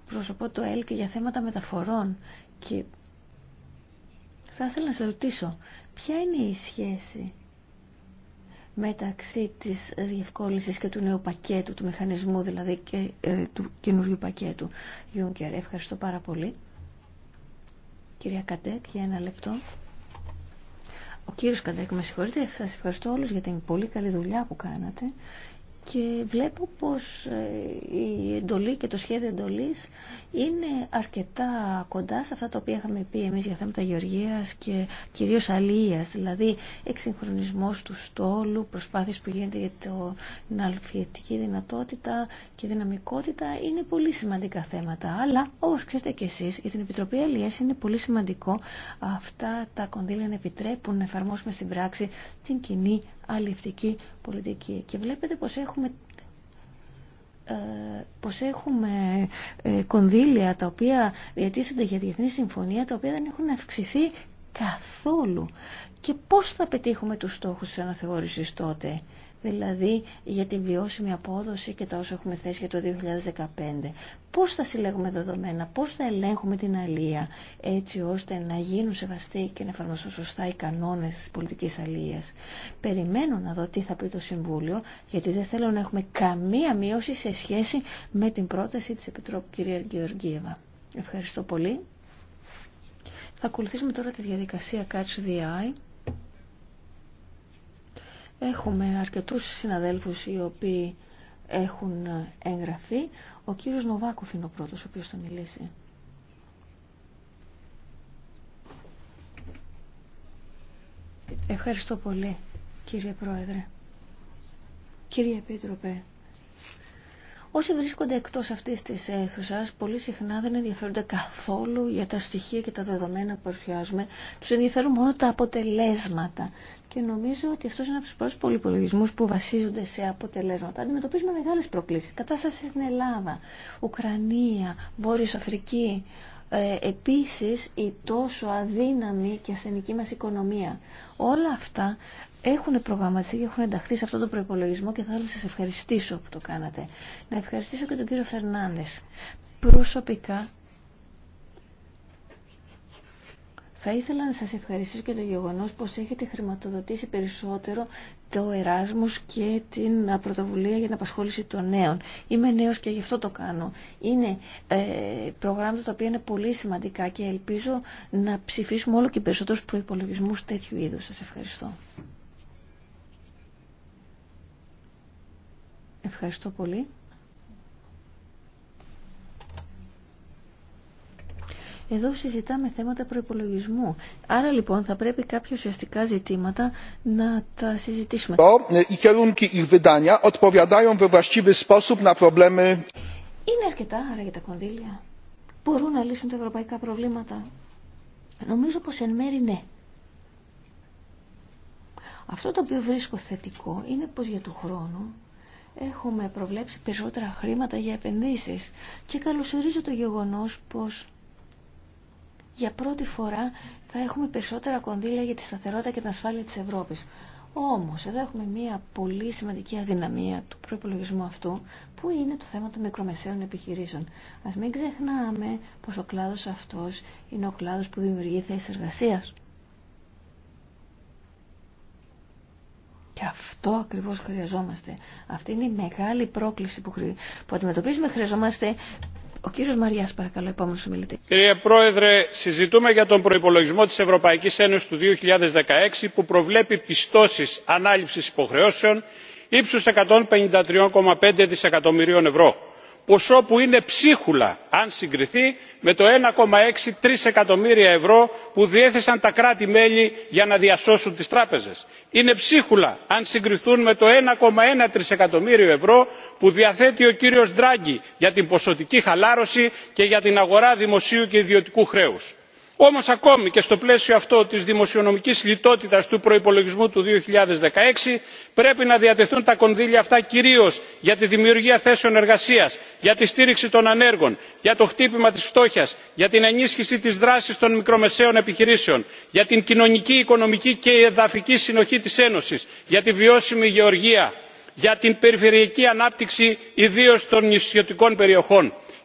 προσωπώ το ΕΛ και για θέματα μεταφορών και θα ήθελα να σας ρωτήσω ποια είναι η σχέση μεταξύ της διευκόλυνσης και του νέου πακέτου, του μηχανισμού δηλαδή και ε, του καινούριου πακέτου. Γιούνκερ, ευχαριστώ πάρα πολύ. Κυρία Καντέκ, για ένα λεπτό. Ο κύριος Καντέκ, με συγχωρείτε, σας ευχαριστώ όλους για την πολύ καλή δουλειά που κάνατε και βλέπω πως ε, η εντολή και το σχέδιο εντολής είναι αρκετά κοντά σε αυτά τα οποία είχαμε πει εμείς για θέματα γεωργίας και κυρίως αλίας, δηλαδή εξυγχρονισμός του στόλου, προσπάθειες που γίνεται για την αλφιετική δυνατότητα και δυναμικότητα είναι πολύ σημαντικά θέματα. Αλλά όπως ξέρετε και εσείς, για την Επιτροπή Αλίας είναι πολύ σημαντικό αυτά τα κονδύλια να επιτρέπουν να εφαρμόσουμε στην πράξη την κοινή αληθική, πολιτική. Και βλέπετε πως έχουμε ε, πως έχουμε ε, κονδύλια τα οποία διατίθενται για διεθνή συμφωνία τα οποία δεν έχουν αυξηθεί καθόλου. Και πώς θα πετύχουμε τους στόχους της αναθεώρησης τότε δηλαδή για την βιώσιμη απόδοση και τα όσα έχουμε θέσει για το 2015. Πώς θα συλλέγουμε δεδομένα, πώς θα ελέγχουμε την αλία έτσι ώστε να γίνουν σεβαστοί και να εφαρμοστούν σωστά οι κανόνες της πολιτικής αλίας. Περιμένω να δω τι θα πει το Συμβούλιο γιατί δεν θέλω να έχουμε καμία μείωση σε σχέση με την πρόταση της Επιτρόπου κυρία Γεωργίευα. Ευχαριστώ πολύ. Θα ακολουθήσουμε τώρα τη διαδικασία Catch the Eye. Έχουμε αρκετούς συναδέλφους οι οποίοι έχουν εγγραφεί. Ο κύριος Νοβάκοφ είναι ο πρώτος ο οποίος θα μιλήσει. Ευχαριστώ πολύ κύριε Πρόεδρε. Κύριε Επίτροπε, Όσοι βρίσκονται εκτός αυτής της αίθουσα, πολύ συχνά δεν ενδιαφέρονται καθόλου για τα στοιχεία και τα δεδομένα που παρουσιάζουμε. Τους ενδιαφέρουν μόνο τα αποτελέσματα. Και νομίζω ότι αυτός είναι από τους πρώτους πολυπολογισμού που βασίζονται σε αποτελέσματα. Αντιμετωπίζουμε μεγάλες προκλήσεις. Κατάσταση στην Ελλάδα, Ουκρανία, Βόρειος Αφρική. Ε, επίσης η τόσο αδύναμη και ασθενική μας οικονομία. Όλα αυτά έχουν προγραμματιστεί και έχουν ενταχθεί σε αυτό το προπολογισμό και θα ήθελα να σα ευχαριστήσω που το κάνατε. Να ευχαριστήσω και τον κύριο Φερνάνδε. Προσωπικά θα ήθελα να σα ευχαριστήσω και το γεγονό πω έχετε χρηματοδοτήσει περισσότερο το Εράσμο και την πρωτοβουλία για την απασχόληση των νέων. Είμαι νέο και γι' αυτό το κάνω. Είναι ε, προγράμματα τα οποία είναι πολύ σημαντικά και ελπίζω να ψηφίσουμε όλο και περισσότερου προπολογισμού τέτοιου είδου. Σα ευχαριστώ. Ευχαριστώ πολύ. Εδώ συζητάμε θέματα προϋπολογισμού. Άρα λοιπόν θα πρέπει κάποια ουσιαστικά ζητήματα να τα συζητήσουμε. Ε, είναι αρκετά άρα για τα κονδύλια. Μπορούν να λύσουν τα ευρωπαϊκά προβλήματα. Νομίζω πως εν μέρη ναι. Αυτό το οποίο βρίσκω θετικό είναι πως για του χρόνου έχουμε προβλέψει περισσότερα χρήματα για επενδύσεις και καλωσορίζω το γεγονός πως για πρώτη φορά θα έχουμε περισσότερα κονδύλια για τη σταθερότητα και την ασφάλεια της Ευρώπης. Όμως, εδώ έχουμε μία πολύ σημαντική αδυναμία του προϋπολογισμού αυτού, που είναι το θέμα των μικρομεσαίων επιχειρήσεων. Ας μην ξεχνάμε πως ο κλάδος αυτός είναι ο κλάδος που δημιουργεί θέσεις εργασίας. Και αυτό ακριβώς χρειαζόμαστε. Αυτή είναι η μεγάλη πρόκληση που, αντιμετωπίζουμε. Χρειαζόμαστε ο κύριος Μαριάς, παρακαλώ, επόμενος ομιλητή. Κύριε Πρόεδρε, συζητούμε για τον προϋπολογισμό της Ευρωπαϊκής Ένωσης του 2016 που προβλέπει πιστώσεις ανάληψης υποχρεώσεων ύψους 153,5 δισεκατομμυρίων ευρώ ποσό που είναι ψίχουλα αν συγκριθεί με το 1,6 τρισεκατομμύρια ευρώ που διέθεσαν τα κράτη μέλη για να διασώσουν τις τράπεζες. είναι ψίχουλα αν συγκριθούν με το 1,1 τρισεκατομμύριο ευρώ που διαθέτει ο κύριος ντράγκη για την ποσοτική χαλάρωση και για την αγορά δημοσίου και ιδιωτικού χρέους όμως ακόμη και στο πλαίσιο αυτό της δημοσιονομικής λιτότητας του προϋπολογισμού του δύο πρέπει να διατεθούν τα κονδύλια αυτά κυρίως για τη δημιουργία θέσεων εργασίας για τη στήριξη των ανέργων για το χτύπημα της φτώχειας για την ενίσχυση της δράσης των μικρομεσαίων επιχειρήσεων για την κοινωνική οικονομική και εδαφική συνοχή της ένωσης για τη βιώσιμη γεωργία για την περιφερειακή ανάπτυξη ιδίως των νησιωτικών περιοχών.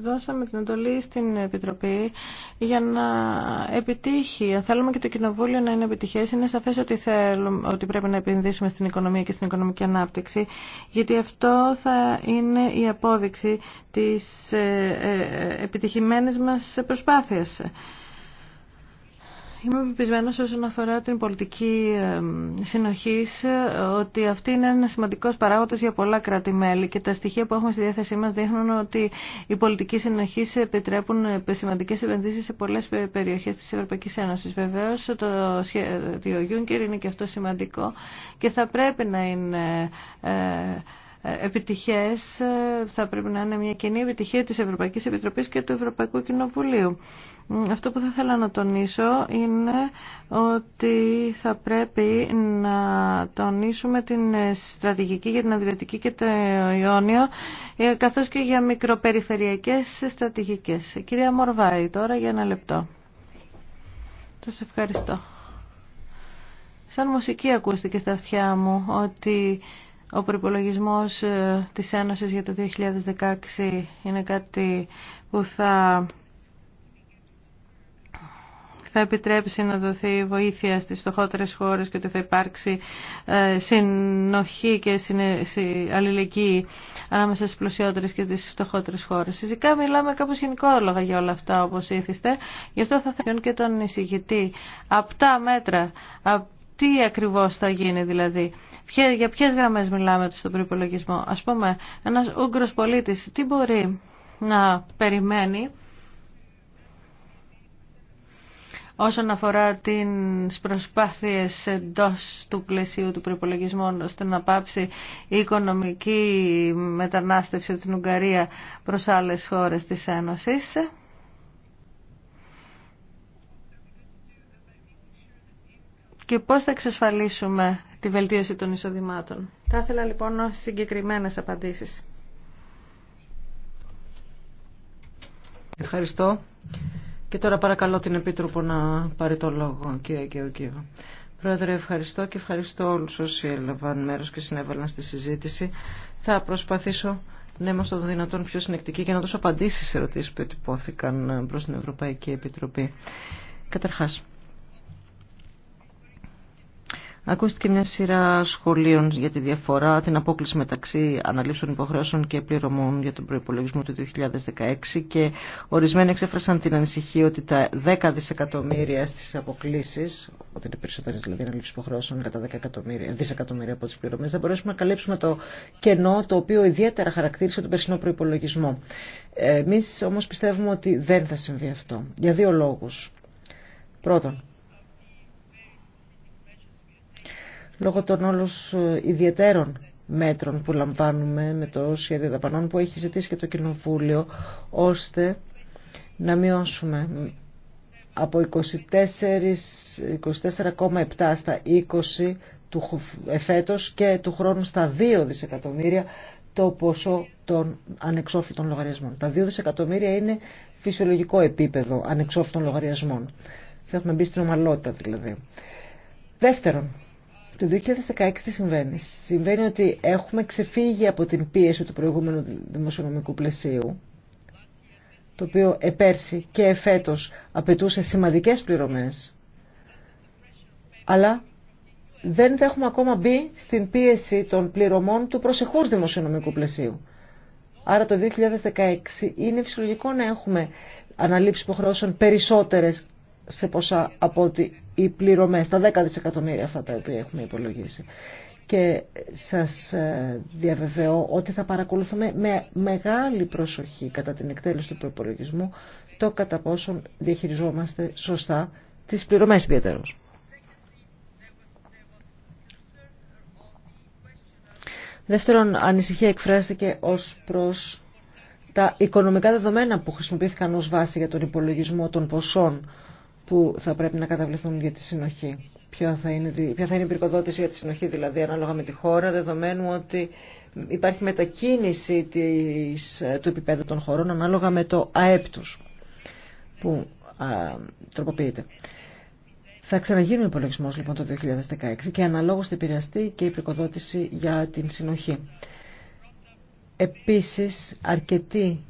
δώσαμε την εντολή στην Επιτροπή για να επιτύχει. Αν θέλουμε και το Κοινοβούλιο να είναι επιτυχέ, είναι σαφές ότι, ότι πρέπει να επενδύσουμε στην οικονομία και στην οικονομική ανάπτυξη, γιατί αυτό θα είναι η απόδειξη της ε, ε, επιτυχημένης μας προσπάθεια. Είμαι πεπισμένος όσον αφορά την πολιτική συνοχής ε, ότι αυτή είναι ένα σημαντικός παράγοντας για πολλά κράτη-μέλη και τα στοιχεία που έχουμε στη διάθεσή μας δείχνουν ότι οι πολιτική συνοχής επιτρέπουν ε, σημαντικές επενδύσεις σε πολλές περιοχές της Ευρωπαϊκής Ένωσης. Βεβαίως το σχέδιο Juncker είναι και αυτό σημαντικό και θα πρέπει να είναι ε, ε, επιτυχές ε, θα πρέπει να είναι μια κοινή επιτυχία της Ευρωπαϊκής Επιτροπής και του Ευρωπαϊκού Κοινοβουλίου. Αυτό που θα ήθελα να τονίσω είναι ότι θα πρέπει να τονίσουμε την ε, στρατηγική για την Αδριατική και το Ιόνιο καθώς και για μικροπεριφερειακές στρατηγικές. Κυρία Μορβάη, τώρα για ένα λεπτό. Σας ευχαριστώ. Σαν μουσική ακούστηκε στα αυτιά μου ότι ο προϋπολογισμός ε, της Ένωσης για το 2016 είναι κάτι που θα θα επιτρέψει να δοθεί βοήθεια στις στοχότερες χώρες και ότι θα υπάρξει ε, συνοχή και αλληλεγγύη ανάμεσα στις πλουσιότερες και τις φτωχότερες χώρες. Φυσικά μιλάμε κάπως γενικόλογα για όλα αυτά όπως ήθιστε. Γι' αυτό θα θέλουν και τον εισηγητή. Απτά μέτρα, τι ακριβώς θα γίνει δηλαδή για ποιες γραμμές μιλάμε στον προπολογισμό. Ας πούμε, ένας Ούγγρος πολίτης τι μπορεί να περιμένει όσον αφορά τις προσπάθειες εντό του πλαισίου του προπολογισμού ώστε να πάψει η οικονομική μετανάστευση από την Ουγγαρία προς άλλες χώρες της Ένωσης. Και πώς θα εξασφαλίσουμε τη βελτίωση των εισοδημάτων. Θα ήθελα λοιπόν συγκεκριμένες απαντήσεις. Ευχαριστώ. Και τώρα παρακαλώ την Επίτροπο να πάρει το λόγο, κύριε Γεωργίου. Πρόεδρε, ευχαριστώ και ευχαριστώ όλους όσοι έλαβαν μέρος και συνέβαλαν στη συζήτηση. Θα προσπαθήσω να είμαστε το δυνατόν πιο συνεκτική και να δώσω απαντήσεις σε ερωτήσεις που ετυπώθηκαν προς την Ευρωπαϊκή Επιτροπή. Καταρχάς, Ακούστηκε μια σειρά σχολείων για τη διαφορά, την απόκληση μεταξύ αναλήψεων υποχρεώσεων και πληρωμών για τον προπολογισμό του 2016 και ορισμένοι εξέφρασαν την ανησυχία ότι τα 10 δισεκατομμύρια στι αποκλήσει, ότι είναι περισσότερε δηλαδή αναλήψει υποχρεώσεων κατά 10 εκατομμύρια, δισεκατομμύρια από τι πληρωμέ, θα μπορέσουμε να καλύψουμε το κενό το οποίο ιδιαίτερα χαρακτήρισε τον περσινό προπολογισμό. Εμεί όμω πιστεύουμε ότι δεν θα συμβεί αυτό. Για δύο λόγου. Πρώτον, λόγω των όλων ε, ιδιαίτερων μέτρων που λαμβάνουμε με το σχέδιο δαπανών που έχει ζητήσει και το Κοινοβούλιο ώστε να μειώσουμε από 24,7 στα 20 του εφέτος και του χρόνου στα 2 δισεκατομμύρια το ποσό των ανεξόφλητων λογαριασμών. Τα 2 δισεκατομμύρια είναι φυσιολογικό επίπεδο ανεξόφλητων λογαριασμών. Θα έχουμε μπει στην ομαλότητα δηλαδή. Δεύτερον, το 2016 τι συμβαίνει. Συμβαίνει ότι έχουμε ξεφύγει από την πίεση του προηγούμενου δημοσιονομικού πλαισίου, το οποίο επέρσι και εφέτος απαιτούσε σημαντικές πληρωμές, αλλά δεν έχουμε ακόμα μπει στην πίεση των πληρωμών του προσεχούς δημοσιονομικού πλαισίου. Άρα το 2016 είναι φυσιολογικό να έχουμε αναλήψει υποχρεώσεων περισσότερες σε ποσά από ότι οι πληρωμές, τα 10 δισεκατομμύρια αυτά τα οποία έχουμε υπολογίσει. Και σας ε, διαβεβαιώ ότι θα παρακολουθούμε με μεγάλη προσοχή κατά την εκτέλεση του προπολογισμού το κατά πόσον διαχειριζόμαστε σωστά τις πληρωμές ιδιαίτερως. Δεύτερον, ανησυχία εκφράστηκε ως προς τα οικονομικά δεδομένα που χρησιμοποιήθηκαν ως βάση για τον υπολογισμό των ποσών που θα πρέπει να καταβληθούν για τη συνοχή. Ποια θα είναι, ποια θα είναι η πυρκοδότηση για τη συνοχή δηλαδή ανάλογα με τη χώρα, δεδομένου ότι υπάρχει μετακίνηση της, του επίπεδου των χωρών ανάλογα με το ΑΕΠ τους που τροποποιείται. Θα ξαναγίνει ο υπολογισμό λοιπόν το 2016 και αναλόγως θα επηρεαστεί και η πυρκοδότηση για την συνοχή. Επίσης, αρκετοί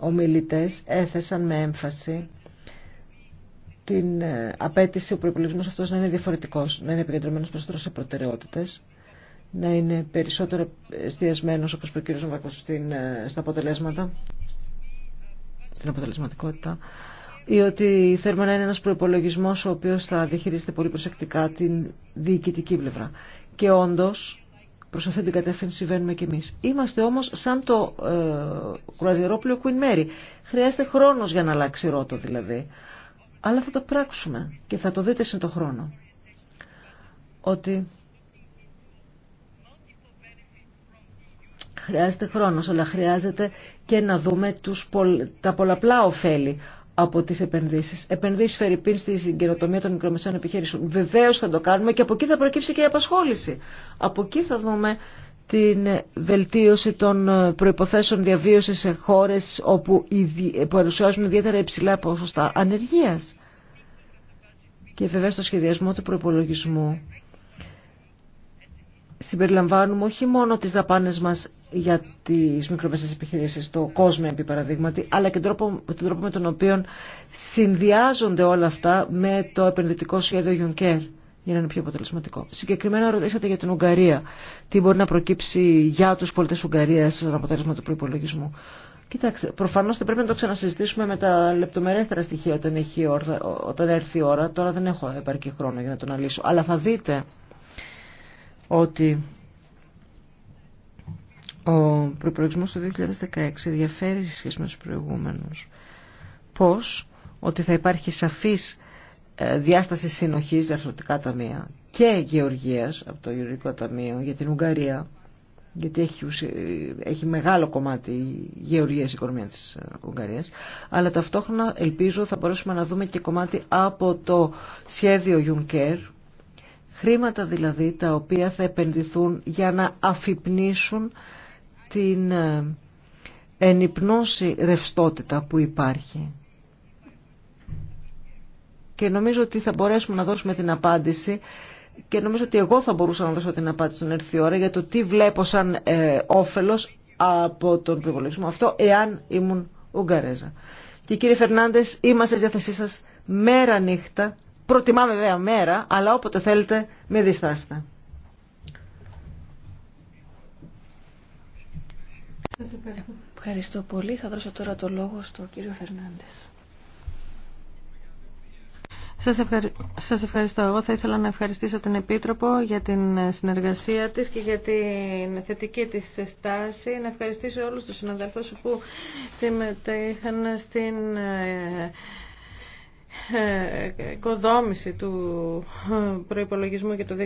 ομιλητές έθεσαν με έμφαση την ε, απέτηση ο προπολογισμό αυτό να είναι διαφορετικό, να είναι επικεντρωμένο περισσότερο σε προτεραιότητε, να είναι περισσότερο εστιασμένο, όπω είπε ο κ. Ε, στα αποτελέσματα, στην αποτελεσματικότητα, ή ότι θέλουμε να είναι ένα προπολογισμό ο οποίο θα διαχειρίζεται πολύ προσεκτικά την διοικητική πλευρά. Και όντω, προ αυτή την κατεύθυνση βαίνουμε κι εμεί. Είμαστε όμω σαν το ε, Queen Mary. Χρειάζεται χρόνο για να αλλάξει ρότο δηλαδή αλλά θα το πράξουμε και θα το δείτε σε το χρόνο. Ότι χρειάζεται χρόνος, αλλά χρειάζεται και να δούμε τους, τα πολλαπλά ωφέλη από τις επενδύσεις. Επενδύσεις φερειπίν στη συγκαιροτομία των μικρομεσαίων επιχειρήσεων. Βεβαίως θα το κάνουμε και από εκεί θα προκύψει και η απασχόληση. Από εκεί θα δούμε την βελτίωση των προϋποθέσεων διαβίωσης σε χώρες όπου παρουσιάζουν ιδιαίτερα υψηλά ποσοστά ανεργίας και βέβαια στο σχεδιασμό του προϋπολογισμού συμπεριλαμβάνουμε όχι μόνο τις δαπάνες μας για τις μικρομεσαίες επιχειρήσεις, το κόσμο επί παραδείγματι, αλλά και τον τρόπο, τον τρόπο με τον οποίο συνδυάζονται όλα αυτά με το επενδυτικό σχέδιο Juncker για να είναι πιο αποτελεσματικό. Συγκεκριμένα ρωτήσατε για την Ουγγαρία. Τι μπορεί να προκύψει για τους πολίτες Ουγγαρίας σαν αποτέλεσμα του προϋπολογισμού. Κοιτάξτε, προφανώ δεν πρέπει να το ξανασυζητήσουμε με τα λεπτομερέστερα στοιχεία όταν, έχει όρθα, όταν έρθει η ώρα. Τώρα δεν έχω επαρκή χρόνο για να το αναλύσω. Αλλά θα δείτε ότι ο προπολογισμό του 2016 διαφέρει σε σχέση με του προηγούμενου. Πώ ότι θα υπάρχει σαφής διάσταση συνοχής διαφορετικά ταμεία και γεωργίας από το Γεωργικό Ταμείο για την Ουγγαρία γιατί έχει, έχει μεγάλο κομμάτι η γεωργίας οικονομία της ε, Ουγγαρίας αλλά ταυτόχρονα ελπίζω θα μπορέσουμε να δούμε και κομμάτι από το σχέδιο Juncker χρήματα δηλαδή τα οποία θα επενδυθούν για να αφυπνίσουν την ε, ενυπνώση ρευστότητα που υπάρχει και νομίζω ότι θα μπορέσουμε να δώσουμε την απάντηση και νομίζω ότι εγώ θα μπορούσα να δώσω την απάντηση στον έρθει η ώρα για το τι βλέπω σαν ε, όφελος από τον προβολισμό αυτό εάν ήμουν Ουγγαρέζα. Και κύριε Φερνάντες, είμαστε στη διάθεσή σας μέρα νύχτα, προτιμάμε βέβαια μέρα, αλλά όποτε θέλετε με διστάστε. ευχαριστώ. πολύ. Θα δώσω τώρα το λόγο στον κύριο Φερνάντες. Σας, Σας ευχαριστώ. Εγώ θα ήθελα να ευχαριστήσω την Επίτροπο για την συνεργασία της και για την θετική της στάση. Να ευχαριστήσω όλους τους συναδέλφους που συμμετείχαν στην ε, οικοδόμηση ε, του προϋπολογισμού για το 2016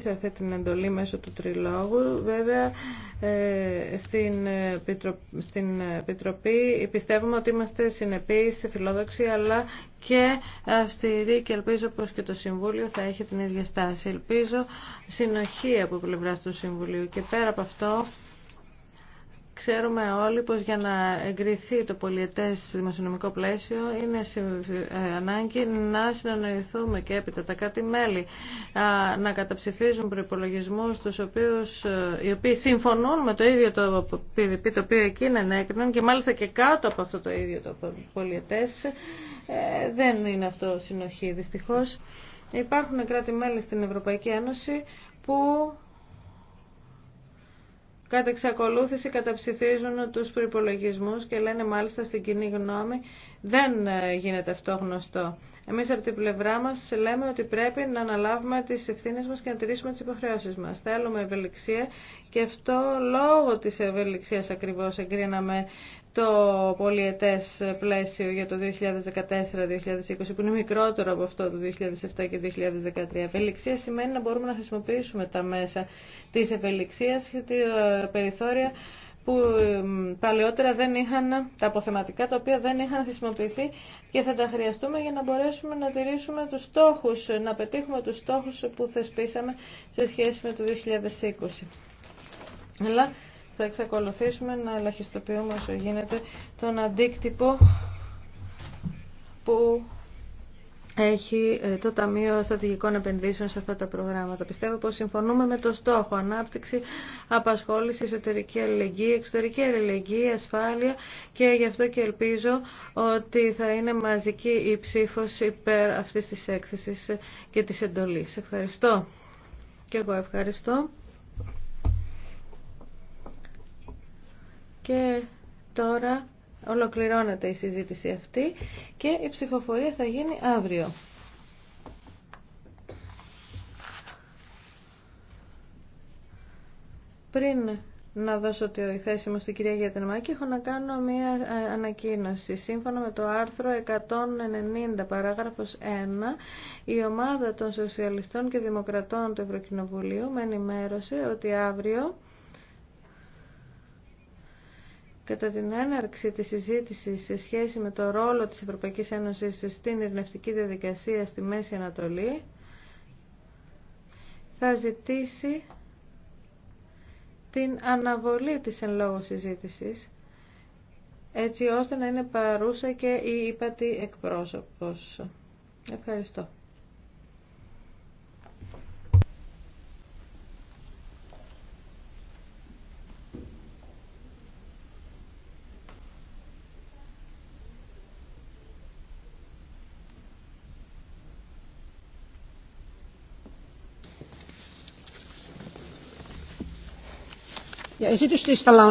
σε αυτή την εντολή μέσω του Τριλόγου. Βέβαια, ε, στην, ε, στην Επιτροπή πιστεύουμε ότι είμαστε συνεπείς, φιλόδοξοι, αλλά και αυστηροί και ελπίζω πως και το Συμβούλιο θα έχει την ίδια στάση. Ελπίζω συνοχή από πλευράς του Συμβουλίου και πέρα από αυτό Ξέρουμε όλοι πως για να εγκριθεί το πολιετές δημοσιονομικό πλαίσιο είναι ε, ανάγκη να συνανοηθούμε και έπειτα τα κάτι μέλη να καταψηφίζουν προπολογισμού τους οποίους, ε, οι οποίοι συμφωνούν με το ίδιο το PDP το οποίο εκείνα ενέκριναν και μάλιστα και κάτω από αυτό το ίδιο το πολιετές ε, δεν είναι αυτό συνοχή δυστυχώς. Υπάρχουν κράτη-μέλη στην Ευρωπαϊκή Ένωση που Κατά εξακολούθηση καταψηφίζουν τους προϋπολογισμούς και λένε μάλιστα στην κοινή γνώμη δεν ε, γίνεται αυτό γνωστό. Εμείς από την πλευρά μας λέμε ότι πρέπει να αναλάβουμε τις ευθύνες μας και να τηρήσουμε τις υποχρεώσεις μας. Θέλουμε ευελιξία και αυτό λόγω της ευελιξίας ακριβώς εγκρίναμε το πολιετές πλαίσιο για το 2014-2020 που είναι μικρότερο από αυτό το 2007 και 2013. Ευελιξία σημαίνει να μπορούμε να χρησιμοποιήσουμε τα μέσα της ευελιξίας και ε, περιθώρια που παλαιότερα δεν είχαν, τα αποθεματικά τα οποία δεν είχαν χρησιμοποιηθεί και θα τα χρειαστούμε για να μπορέσουμε να τηρήσουμε τους στόχους, να πετύχουμε τους στόχους που θεσπίσαμε σε σχέση με το 2020. Αλλά θα εξακολουθήσουμε να ελαχιστοποιούμε όσο γίνεται τον αντίκτυπο που έχει ε, το Ταμείο Στρατηγικών Επενδύσεων σε αυτά τα προγράμματα. Πιστεύω πως συμφωνούμε με το στόχο ανάπτυξη, απασχόληση, εσωτερική αλληλεγγύη, εξωτερική αλληλεγγύη, ασφάλεια και γι' αυτό και ελπίζω ότι θα είναι μαζική η ψήφος υπέρ αυτής της έκθεσης και της εντολής. Ευχαριστώ. Και εγώ ευχαριστώ. Και τώρα Ολοκληρώνεται η συζήτηση αυτή και η ψηφοφορία θα γίνει αύριο. Πριν να δώσω τη θέση μου στην κυρία Γιατρεμάκη, έχω να κάνω μία ε, ανακοίνωση. Σύμφωνα με το άρθρο 190 παράγραφος 1, η ομάδα των Σοσιαλιστών και Δημοκρατών του Ευρωκοινοβουλίου με ενημέρωσε ότι αύριο Κατά την έναρξη της συζήτησης σε σχέση με το ρόλο της Ευρωπαϊκής Ένωσης στην ειρηνευτική διαδικασία στη Μέση Ανατολή, θα ζητήσει την αναβολή της εν λόγω συζήτησης, έτσι ώστε να είναι παρούσα και η ύπατη εκπρόσωπος. Ευχαριστώ. ja esityslistalla on seuraavat edustajat